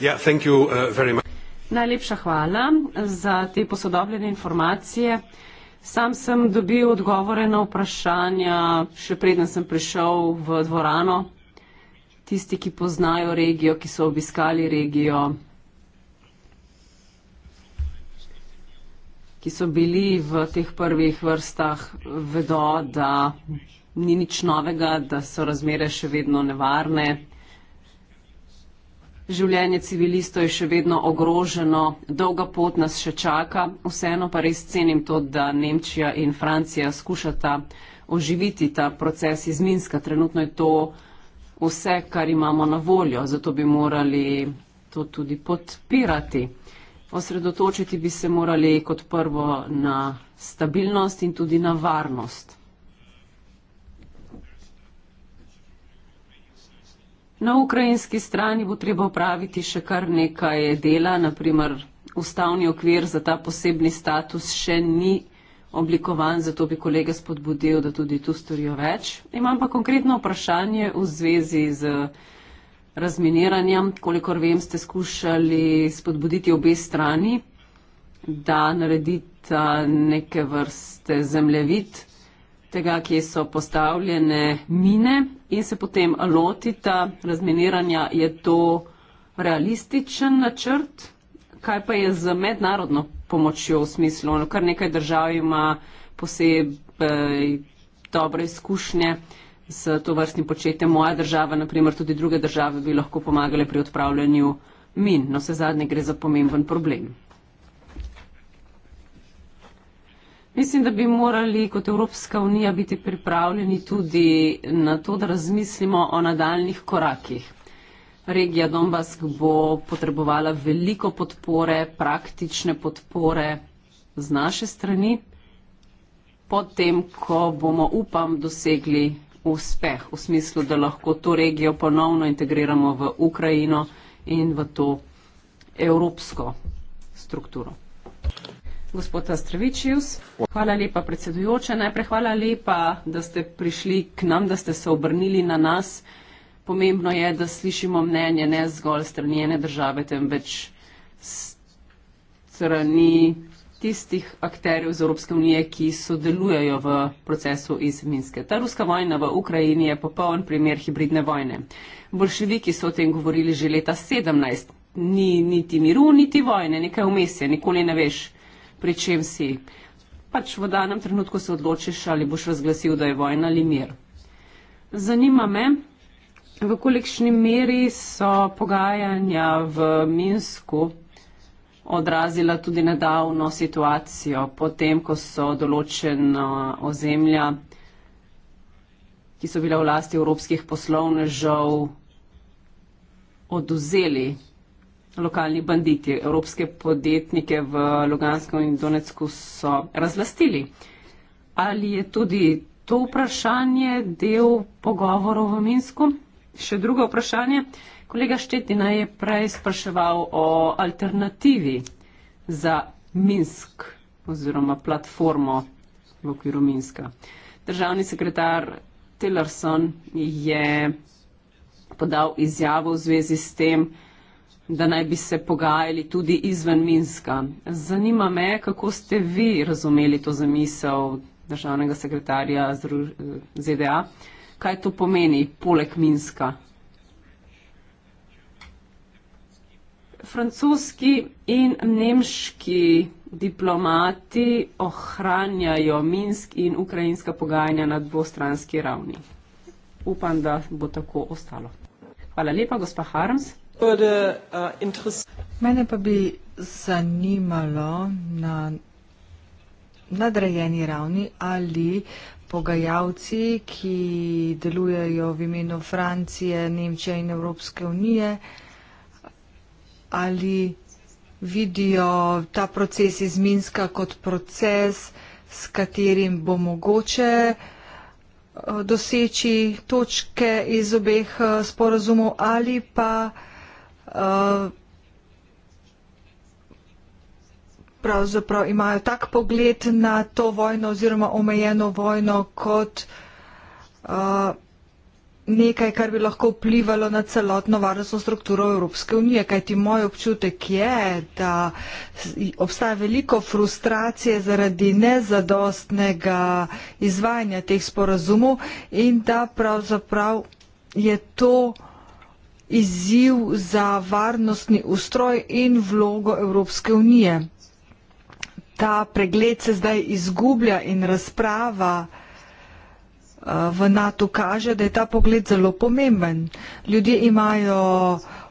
Yeah, uh, Najlepša hvala za te posodobljene informacije. Sam sem dobil odgovore na vprašanja, še preden sem prišel v dvorano. Tisti, ki poznajo regijo, ki so obiskali regijo, ki so bili v teh prvih vrstah, vedo, da ni nič novega, da so razmere še vedno nevarne. Življenje civilistov je še vedno ogroženo, dolga pot nas še čaka, vseeno pa res cenim to, da Nemčija in Francija skušata oživiti ta proces iz Minska. Trenutno je to vse, kar imamo na voljo, zato bi morali to tudi podpirati. Osredotočiti bi se morali kot prvo na stabilnost in tudi na varnost. Na ukrajinski strani bo treba opraviti še kar nekaj dela, naprimer ustavni okvir za ta posebni status še ni oblikovan, zato bi kolege spodbudil, da tudi tu storijo več. Imam pa konkretno vprašanje v zvezi z razminiranjem. Kolikor vem, ste skušali spodbuditi obe strani, da naredita neke vrste zemljevid tega, kje so postavljene mine in se potem lotita razminiranja. Je to realističen načrt? Kaj pa je z mednarodno pomočjo v smislu? No, kar nekaj držav ima posebej dobre izkušnje s to vrstnim početjem. Moja država, naprimer tudi druge države, bi lahko pomagale pri odpravljanju min. No, vse zadnje gre za pomemben problem. Mislim, da bi morali kot Evropska unija biti pripravljeni tudi na to, da razmislimo o nadaljnih korakih. Regija Donbask bo potrebovala veliko podpore, praktične podpore z naše strani, potem, ko bomo, upam, dosegli uspeh v smislu, da lahko to regijo ponovno integriramo v Ukrajino in v to evropsko strukturo. Gospod Astrevičius, hvala lepa predsedujoče. Najprej hvala lepa, da ste prišli k nam, da ste se obrnili na nas. Pomembno je, da slišimo mnenje ne zgolj strani ene države, temveč strani tistih akterjev iz Evropske unije, ki sodelujejo v procesu iz Minske. Ta ruska vojna v Ukrajini je popoln primer hibridne vojne. Bolševiki so o tem govorili že leta 17. Ni niti miru, niti vojne, nekaj vmes je, nikoli ne veš pri čem si. Pač v danem trenutku se odločiš, ali boš razglasil, da je vojna ali mir. Zanima me, v kolikšni meri so pogajanja v Minsku odrazila tudi nedavno situacijo, potem, ko so določena ozemlja, ki so bila v lasti evropskih poslovnežev, oduzeli lokalni banditi. Evropske podjetnike v Luganskem in Donetsku so razlastili. Ali je tudi to vprašanje del pogovorov v Minsku? Še drugo vprašanje. Kolega Štetina je prej spraševal o alternativi za Minsk oziroma platformo v okviru Minska. Državni sekretar Tillerson je podal izjavo v zvezi s tem, da naj bi se pogajali tudi izven Minska. Zanima me, kako ste vi razumeli to zamisel državnega sekretarja ZDA. Kaj to pomeni poleg Minska? Francoski in nemški diplomati ohranjajo Minsk in ukrajinska pogajanja na dvostranski ravni. Upam, da bo tako ostalo. Hvala lepa, gospa Harms. Äh, Mene pa bi zanimalo na nadrejeni ravni ali pogajalci, ki delujejo v imenu Francije, Nemčije in Evropske unije, ali vidijo ta proces iz Minska kot proces, s katerim bo mogoče eh, doseči točke iz obeh eh, sporozumov ali pa Eh, pravzaprav imajo tak pogled na to vojno oziroma omejeno vojno kot eh, nekaj, kar bi lahko vplivalo na celotno varnostno strukturo Evropske unije. Kajti moj občutek je, da obstaja veliko frustracije zaradi nezadostnega izvajanja teh sporazumov in da pravzaprav je to izziv za varnostni ustroj in vlogo Evropske unije. Ta pregled se zdaj izgublja in razprava eh, v NATO kaže, da je ta pogled zelo pomemben. Ljudje imajo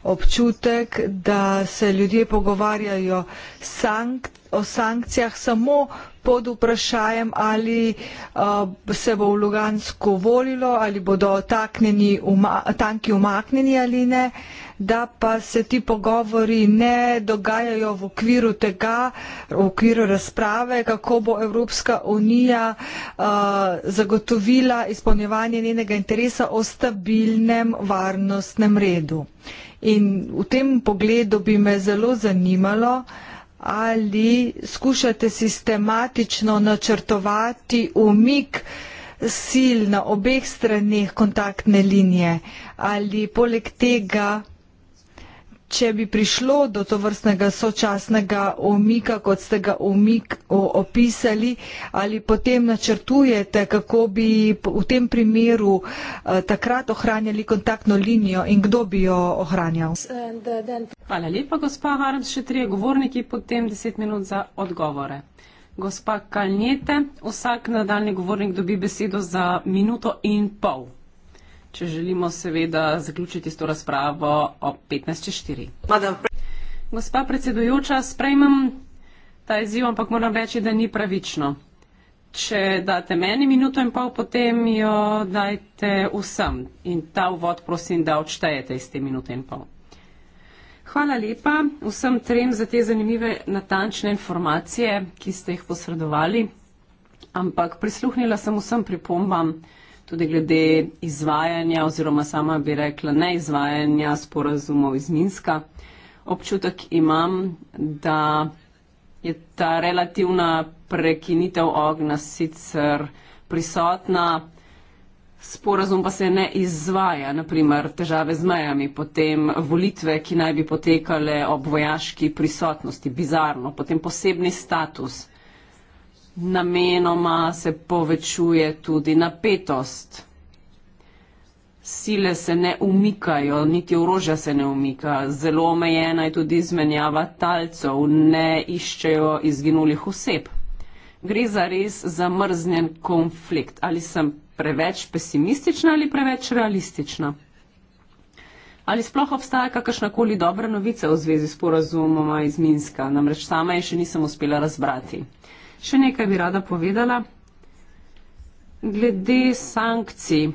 občutek, da se ljudje pogovarjajo sankt, o sankcijah samo pod vprašajem, ali uh, se bo v Lugansko volilo, ali bodo takneni, uma, tanki umaknjeni ali ne, da pa se ti pogovori ne dogajajo v okviru tega, v okviru razprave, kako bo Evropska unija uh, zagotovila izpolnjevanje njenega interesa o stabilnem varnostnem redu. In v tem pogledu bi me zelo zanimalo, uh, ali skušate sistematično načrtovati umik sil na obeh straneh kontaktne linije ali poleg tega če bi prišlo do to vrstnega sočasnega omika, kot ste ga omik opisali, ali potem načrtujete, kako bi v tem primeru eh, takrat ohranjali kontaktno linijo in kdo bi jo ohranjal? Uh, Hvala lepa, gospa Harms, še trije govorniki, potem deset minut za odgovore. Gospa Kalnjete, vsak nadaljni govornik dobi besedo za minuto in pol če želimo seveda zaključiti s to razpravo ob 15.4. Gospa predsedujoča, sprejmem ta izziv, ampak moram reči, da ni pravično. Če date meni minuto in pol, potem jo dajte vsem in ta uvod prosim, da odštejete iz te minute in pol. Hvala lepa vsem trem za te zanimive natančne informacije, ki ste jih posredovali, ampak prisluhnila sem vsem pripombam tudi glede izvajanja oziroma sama bi rekla neizvajanja sporazumov iz Minska. Občutek imam, da je ta relativna prekinitev ognja sicer prisotna, sporazum pa se ne izvaja, naprimer težave z mejami, potem volitve, ki naj bi potekale ob vojaški prisotnosti, bizarno, potem posebni status namenoma se povečuje tudi napetost. Sile se ne umikajo, niti orožja se ne umika. Zelo omejena je tudi izmenjava talcev, ne iščejo izginulih oseb. Gre za res zamrznjen konflikt. Ali sem preveč pesimistična ali preveč realistična? Ali sploh obstaja kakršnakoli dobra novica v zvezi s porazumoma iz Minska? Namreč sama je še nisem uspela razbrati. Še nekaj bi rada povedala. Glede sankcij.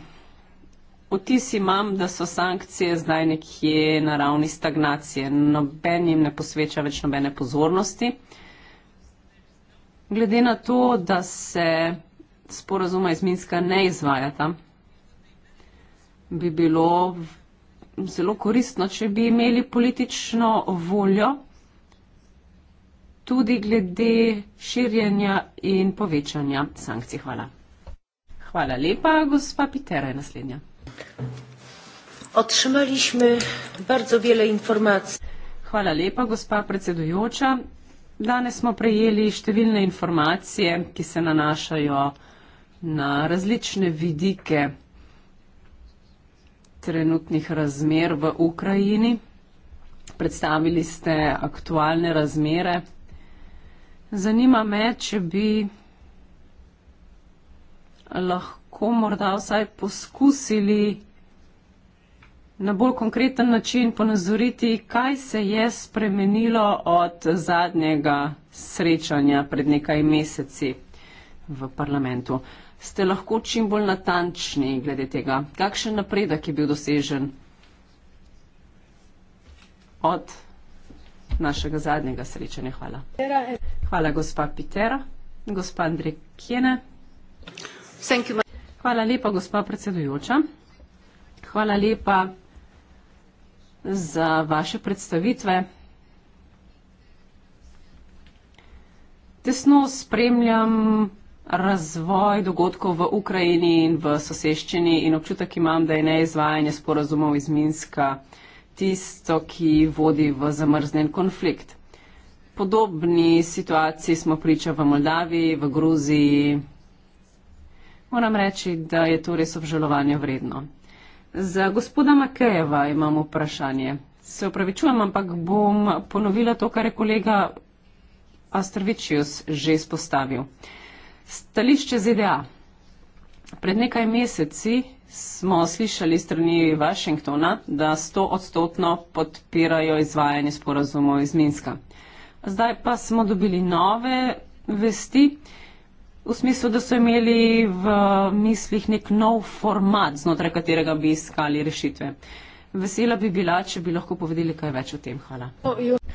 Vtis imam, da so sankcije zdaj nekje na ravni stagnacije. Noben jim ne posveča več nobene pozornosti. Glede na to, da se sporazuma iz Minska ne izvajata, bi bilo zelo koristno, če bi imeli politično voljo tudi glede širjenja in povečanja sankcij. Hvala. Hvala lepa, gospa Pitera je naslednja. Otrimali smo bardzo wiele informacij. Hvala lepa, gospa predsedujoča. Danes smo prejeli številne informacije, ki se nanašajo na različne vidike trenutnih razmer v Ukrajini. Predstavili ste aktualne razmere. Zanima me, če bi lahko morda vsaj poskusili na bolj konkreten način ponazoriti, kaj se je spremenilo od zadnjega srečanja pred nekaj meseci v parlamentu. Ste lahko čim bolj natančni glede tega? Kakšen napredek je bil dosežen od našega zadnjega srečanja. Hvala. Hvala, gospa Pitera. Gospa Andrej Kjene. Hvala lepa, gospa predsedujoča. Hvala lepa za vaše predstavitve. Tesno spremljam razvoj dogodkov v Ukrajini in v soseščini in občutek imam, da je neizvajanje sporazumov iz Minska tisto, ki vodi v zamrznen konflikt. Podobni situaciji smo priča v Moldaviji, v Gruziji. Moram reči, da je to res obžalovanje vredno. Za gospoda Makejeva imam vprašanje. Se upravičujem, ampak bom ponovila to, kar je kolega Astrovičius že izpostavil. Stališče ZDA. Pred nekaj meseci smo slišali strani Vašingtona, da stoodstotno podpirajo izvajanje sporazumov iz Minska. Zdaj pa smo dobili nove vesti, v smislu, da so imeli v mislih nek nov format, znotraj katerega bi iskali rešitve. Vesela bi bila, če bi lahko povedali kaj več o tem. Hvala.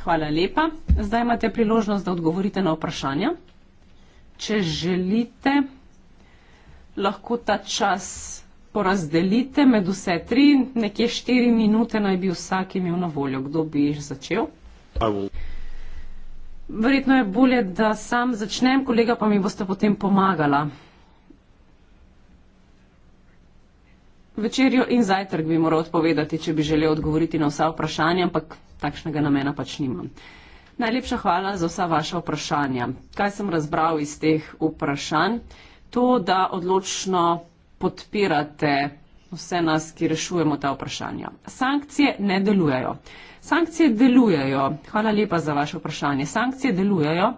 Hvala lepa. Zdaj imate priložnost, da odgovorite na vprašanja. Če želite, lahko ta čas porazdelite med vse tri, nekje štiri minute naj bi vsak imel na voljo. Kdo bi začel? Verjetno je bolje, da sam začnem, kolega pa mi boste potem pomagala. Večerjo in zajtrk bi moral odpovedati, če bi želel odgovoriti na vsa vprašanja, ampak takšnega namena pač nimam. Najlepša hvala za vsa vaša vprašanja. Kaj sem razbral iz teh vprašanj? To, da odločno podpirate vse nas, ki rešujemo ta vprašanja. Sankcije ne delujejo. Sankcije delujejo. Hvala lepa za vaše vprašanje. Sankcije delujejo,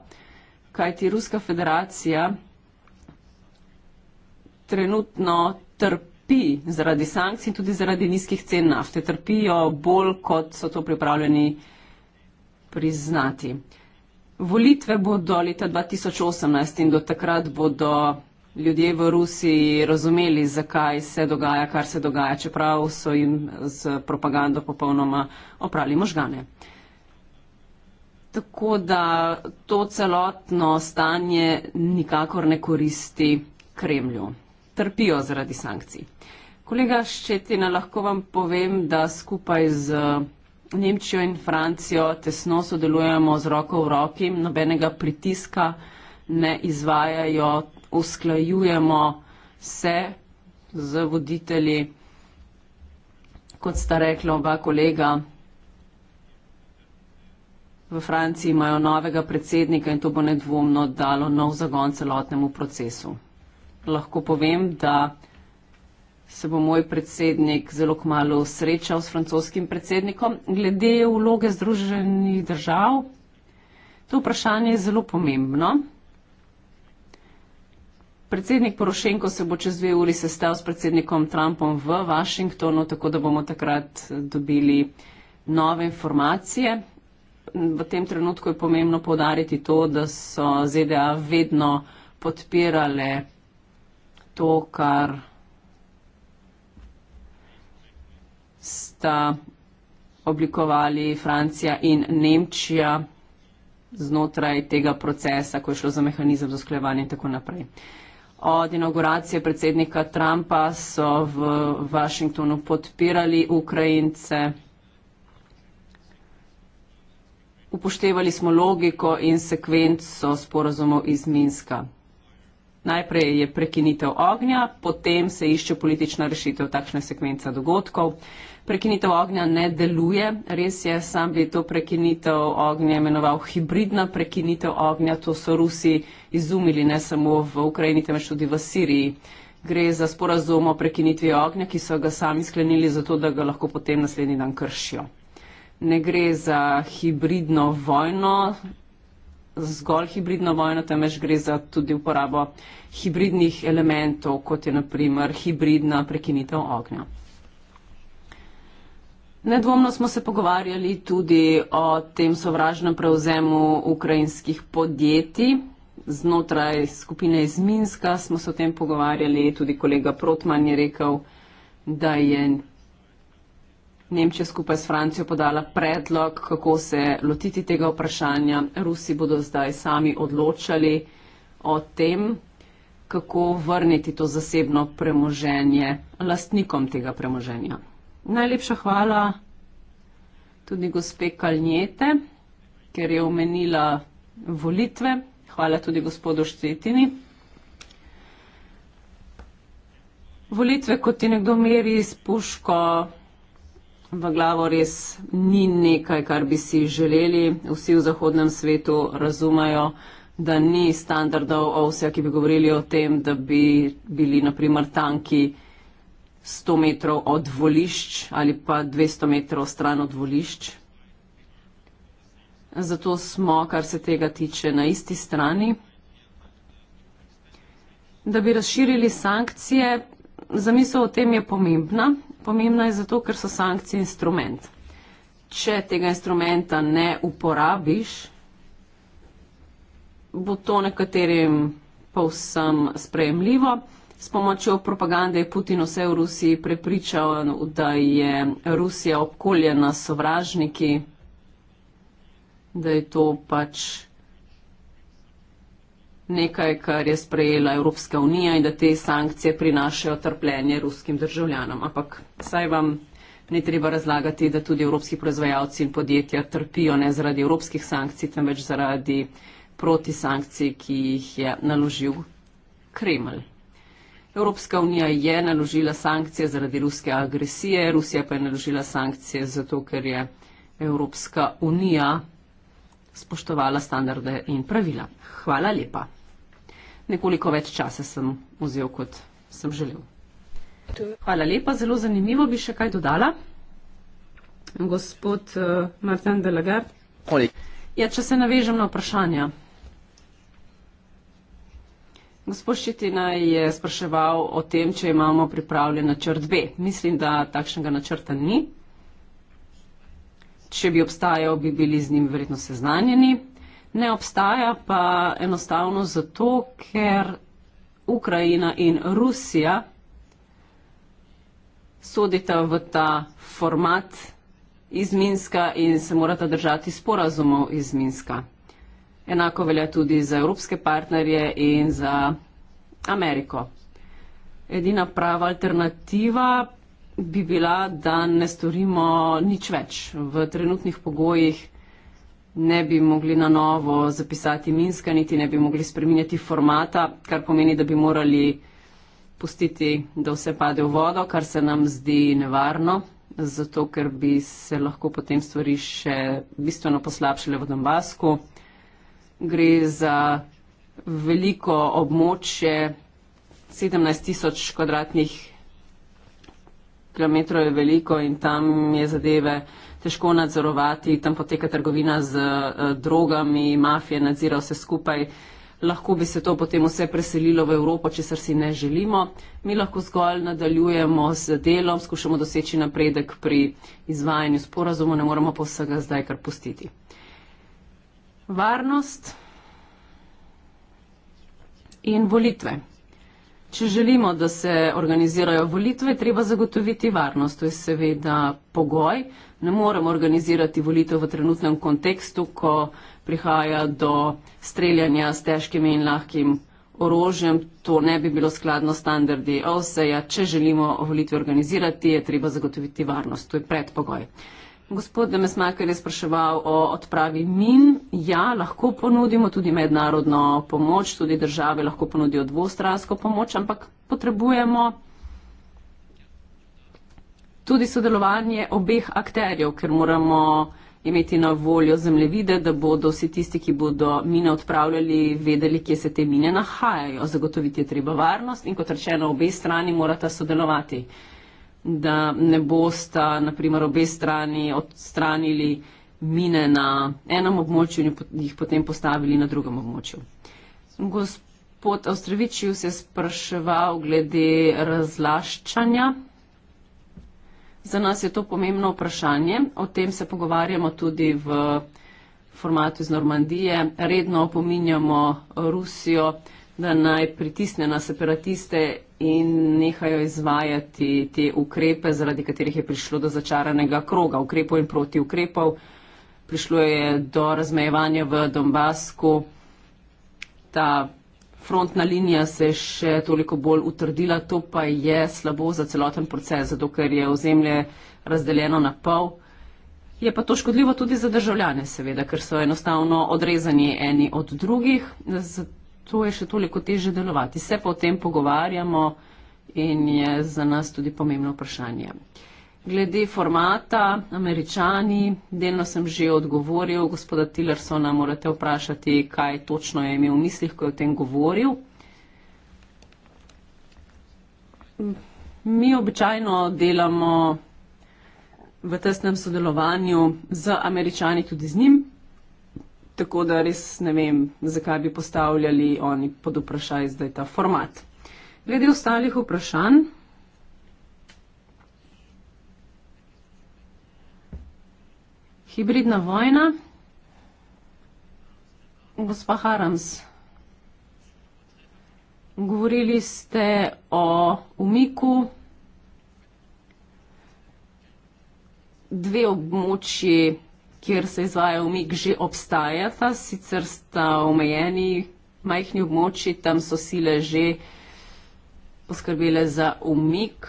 kajti Ruska federacija trenutno trpi zaradi sankcij in tudi zaradi nizkih cen nafte. Trpijo bolj, kot so to pripravljeni priznati. Volitve bodo leta 2018 in do takrat bodo ljudje v Rusiji razumeli, zakaj se dogaja, kar se dogaja, čeprav so jim z propagando popolnoma oprali možgane. Tako da to celotno stanje nikakor ne koristi Kremlju. Trpijo zaradi sankcij. Kolega Ščetina, lahko vam povem, da skupaj z Nemčijo in Francijo tesno sodelujemo z roko v roki, nobenega pritiska ne izvajajo usklajujemo se z voditelji, kot sta rekla oba kolega. V Franciji imajo novega predsednika in to bo nedvomno dalo nov zagon celotnemu procesu. Lahko povem, da se bo moj predsednik zelo kmalo srečal s francoskim predsednikom. Glede vloge Združenih držav, to vprašanje je zelo pomembno. Predsednik Porošenko se bo čez dve uri sestal s predsednikom Trumpom v Washingtonu, tako da bomo takrat eh, dobili nove informacije. V tem trenutku je pomembno povdariti to, da so ZDA vedno podpirale to, kar sta oblikovali Francija in Nemčija znotraj tega procesa, ko je šlo za mehanizem za sklevanje in tako naprej od inauguracije predsednika Trumpa so v Washingtonu podpirali Ukrajince. Upoštevali smo logiko in sekvenco sporozumov iz Minska. Najprej je prekinitev ognja, potem se išče politična rešitev takšne sekvence dogodkov prekinitev ognja ne deluje. Res je, sam bi to prekinitev ognja imenoval hibridna prekinitev ognja. To so Rusi izumili ne samo v Ukrajini, temveč tudi v Siriji. Gre za sporazum o prekinitvi ognja, ki so ga sami sklenili, zato da ga lahko potem naslednji dan kršijo. Ne gre za hibridno vojno, zgolj hibridno vojno, temveč gre za tudi uporabo hibridnih elementov, kot je naprimer hibridna prekinitev ognja. Nedvomno smo se pogovarjali tudi o tem sovražnem prevzemu ukrajinskih podjetij. Znotraj skupine iz Minska smo se o tem pogovarjali, tudi kolega Protman je rekel, da je Nemčija skupaj s Francijo podala predlog, kako se lotiti tega vprašanja. Rusi bodo zdaj sami odločali o tem, kako vrniti to zasebno premoženje lastnikom tega premoženja. Najlepša hvala tudi gospe Kalnjete, ker je omenila volitve. Hvala tudi gospodu Štetini. Volitve, kot ti nekdo meri s puško v glavo, res ni nekaj, kar bi si želeli. Vsi v zahodnem svetu razumajo, da ni standardov OVSE, ki bi govorili o tem, da bi bili naprimer tanki 100 metrov od volišč ali pa 200 metrov stran od volišč. Zato smo, kar se tega tiče, na isti strani. Da bi razširili sankcije, zamisel o tem je pomembna. Pomembna je zato, ker so sankcije instrument. Če tega instrumenta ne uporabiš, bo to nekaterim povsem sprejemljivo. S pomočjo propagande je Putin vse v Rusiji prepričal, da je Rusija obkoljena sovražniki, da je to pač nekaj, kar je sprejela Evropska unija in da te sankcije prinašajo trpljenje ruskim državljanom. Ampak saj vam ne treba razlagati, da tudi evropski proizvajalci in podjetja trpijo ne zaradi evropskih sankcij, temveč zaradi protisankcij, ki jih je naložil Kremlj. Evropska unija je naložila sankcije zaradi ruske agresije, Rusija pa je naložila sankcije zato, ker je Evropska unija spoštovala standarde in pravila. Hvala lepa. Nekoliko več časa sem vzel, kot sem želel. Hvala lepa, zelo zanimivo bi še kaj dodala. Gospod uh, Martin Delagar. Ja, če se navežem na vprašanja. Gospod Šitina je spraševal o tem, če imamo pripravljen načrt B. Mislim, da takšnega načrta ni. Če bi obstajal, bi bili z njim verjetno seznanjeni. Ne obstaja pa enostavno zato, ker Ukrajina in Rusija sodita v ta format iz Minska in se morata držati sporazumov iz Minska. Enako velja tudi za evropske partnerje in za Ameriko. Edina prava alternativa bi bila, da ne storimo nič več. V trenutnih pogojih ne bi mogli na novo zapisati Minska, niti ne bi mogli spreminjati formata, kar pomeni, da bi morali pustiti, da vse pade v vodo, kar se nam zdi nevarno, zato ker bi se lahko potem stvari še bistveno poslabšale v Donbasku gre za veliko območje, 17 tisoč kvadratnih kilometrov je veliko in tam je zadeve težko nadzorovati, tam poteka trgovina z eh, drogami, mafije nadzira vse skupaj. Lahko bi se to potem vse preselilo v Evropo, če se si ne želimo. Mi lahko zgolj nadaljujemo z delom, skušamo doseči napredek pri izvajanju sporazumu, ne moremo pa vsega zdaj kar pustiti varnost in volitve. Če želimo, da se organizirajo volitve, treba zagotoviti varnost. To je seveda pogoj. Ne moremo organizirati volitev v trenutnem kontekstu, ko prihaja do streljanja s težkim in lahkim orožjem. To ne bi bilo skladno standardi OSEJA. Če želimo volitve organizirati, je treba zagotoviti varnost. To je predpogoj. Gospod Demesmaker je spraševal o odpravi min Ja, lahko ponudimo tudi mednarodno pomoč, tudi države lahko ponudijo dvostransko pomoč, ampak potrebujemo tudi sodelovanje obeh akterjev, ker moramo imeti na voljo zemljevide, da bodo vsi tisti, ki bodo mine odpravljali, vedeli, kje se te mine nahajajo. Zagotoviti je treba varnost in kot rečeno, obe strani morata sodelovati, da ne bosta, naprimer, obe strani odstranili mine na enem območju in jih potem postavili na drugem območju. Gospod Avstrevičiju se je spraševal glede razlaščanja. Za nas je to pomembno vprašanje. O tem se pogovarjamo tudi v formatu iz Normandije. Redno opominjamo Rusijo, da naj pritisne na separatiste in nehajo izvajati te ukrepe, zaradi katerih je prišlo do začaranega kroga ukrepov in protiukrepov. ukrepov prišlo je do razmejevanja v Donbasku. Ta frontna linija se je še toliko bolj utrdila, to pa je slabo za celoten proces, zato ker je ozemlje razdeljeno na pol. Je pa to škodljivo tudi za državljane, seveda, ker so enostavno odrezani eni od drugih, zato je še toliko teže delovati. Se pa o tem pogovarjamo in je za nas tudi pomembno vprašanje. Glede formata, američani, delno sem že odgovoril, gospoda Tillersona morate vprašati, kaj točno je imel v mislih, ko je o tem govoril. Mi običajno delamo v tesnem sodelovanju z američani tudi z njim, tako da res ne vem, zakaj bi postavljali oni pod vprašaj zdaj ta format. Glede ostalih vprašanj. Hibridna vojna. Gospa Harams, govorili ste o umiku. Dve območji, kjer se izvaja umik, že obstajata, sicer sta omejeni majhni območji, tam so sile že poskrbele za umik.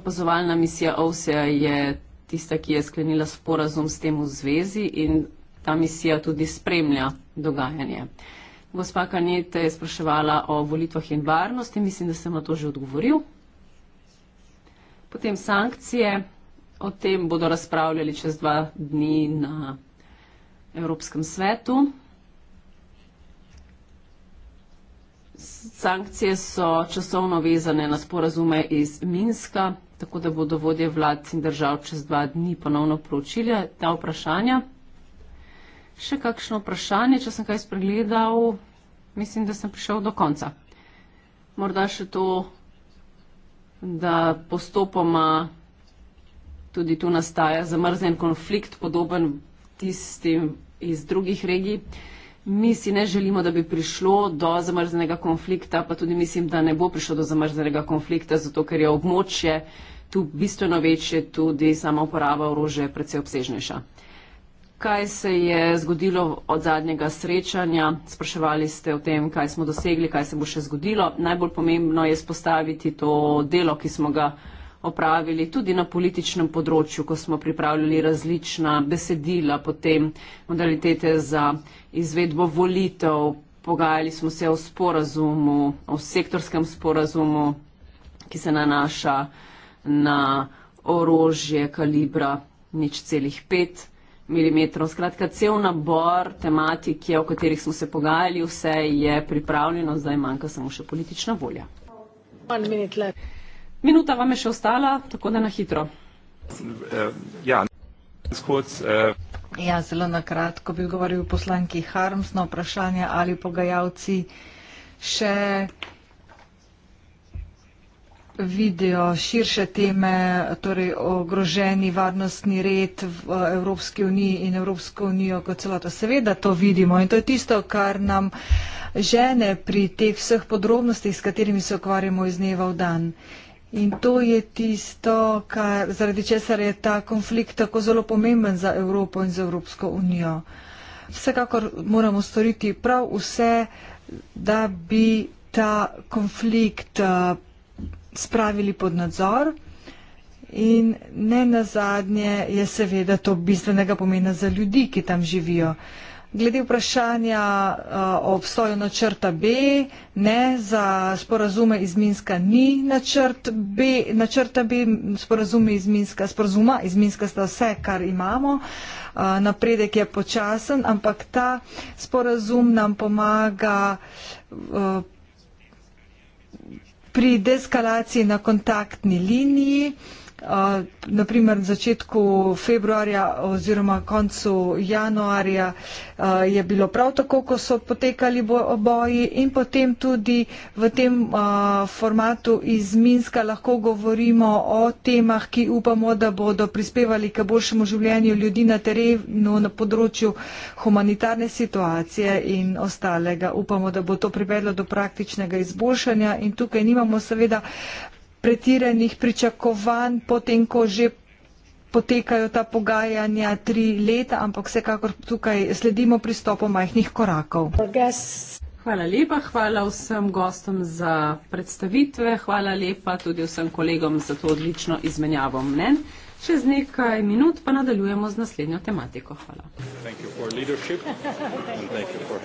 Opazovalna misija OSEA je tista, ki je sklenila sporazum s tem v zvezi in ta misija tudi spremlja dogajanje. Gospa Kanete je spraševala o volitvah in varnosti, mislim, da sem na to že odgovoril. Potem sankcije, o tem bodo razpravljali čez dva dni na Evropskem svetu. Sankcije so časovno vezane na sporazume iz Minska tako da bodo vodje vlad in držav čez dva dni ponovno proučili ta vprašanja. Še kakšno vprašanje, če sem kaj spregledal, mislim, da sem prišel do konca. Morda še to, da postopoma tudi tu nastaja zamrznen konflikt, podoben tistim iz drugih regij. Mi si ne želimo, da bi prišlo do zamrznega konflikta, pa tudi mislim, da ne bo prišlo do zamrznega konflikta, zato ker je območje tu bistveno večje, tudi sama uporaba orožja je precej obsežnejša. Kaj se je zgodilo od zadnjega srečanja? Spraševali ste o tem, kaj smo dosegli, kaj se bo še zgodilo. Najbolj pomembno je spostaviti to delo, ki smo ga opravili tudi na političnem področju, ko smo pripravljali različna besedila, potem modalitete za izvedbo volitev, pogajali smo se o sporazumu, o sektorskem sporazumu, ki se nanaša na orožje kalibra nič celih pet mm. Skratka, cel nabor tematik, o katerih smo se pogajali, vse je pripravljeno, zdaj manjka samo še politična volja. Minuta vam je še ostala, tako da na hitro. Ja, skoč. Ja, zelo na kratko bi govoril poslanki Harms na vprašanje, ali pogajalci še vidijo širše teme, torej ogroženi varnostni red v Evropski uniji in Evropsko unijo kot celota. Seveda to vidimo in to je tisto, kar nam žene pri teh vseh podrobnostih, s katerimi se okvarjamo iz dneva v dan. Uh, In to je tisto, kar, zaradi česar je ta konflikt tako zelo pomemben za Evropo in za Evropsko unijo. Vsekakor moramo storiti prav vse, da bi ta konflikt eh, spravili pod nadzor. In ne nazadnje je seveda to bistvenega pomena za ljudi, ki tam živijo. Uh, Glede vprašanja eh, o obstoju načrta B, ne, za sporazume iz Minska ni načrt B, načrta B, sporazume iz Minska, sporazuma iz Minska sta vse, kar imamo. Eh, napredek je počasen, ampak ta sporazum nam pomaga eh, pri deskalaciji na kontaktni liniji. Eh, naprimer začetku februarja oziroma koncu januarja eh, je bilo prav tako, ko so potekali oboji in potem tudi v tem eh, formatu iz Minska lahko govorimo o temah, ki upamo, da bodo prispevali k boljšemu življenju ljudi na terenu na področju humanitarne situacije in ostalega. Upamo, da bo to privedlo do praktičnega izboljšanja in tukaj nimamo seveda pretiranih pričakovanj, potem ko že potekajo ta pogajanja tri leta, ampak vsekakor tukaj sledimo pristopom majhnih korakov. Hvala lepa, hvala vsem gostom za predstavitve, hvala lepa tudi vsem kolegom za to odlično izmenjavo mnen. Še z nekaj minut pa nadaljujemo z naslednjo tematiko. Hvala.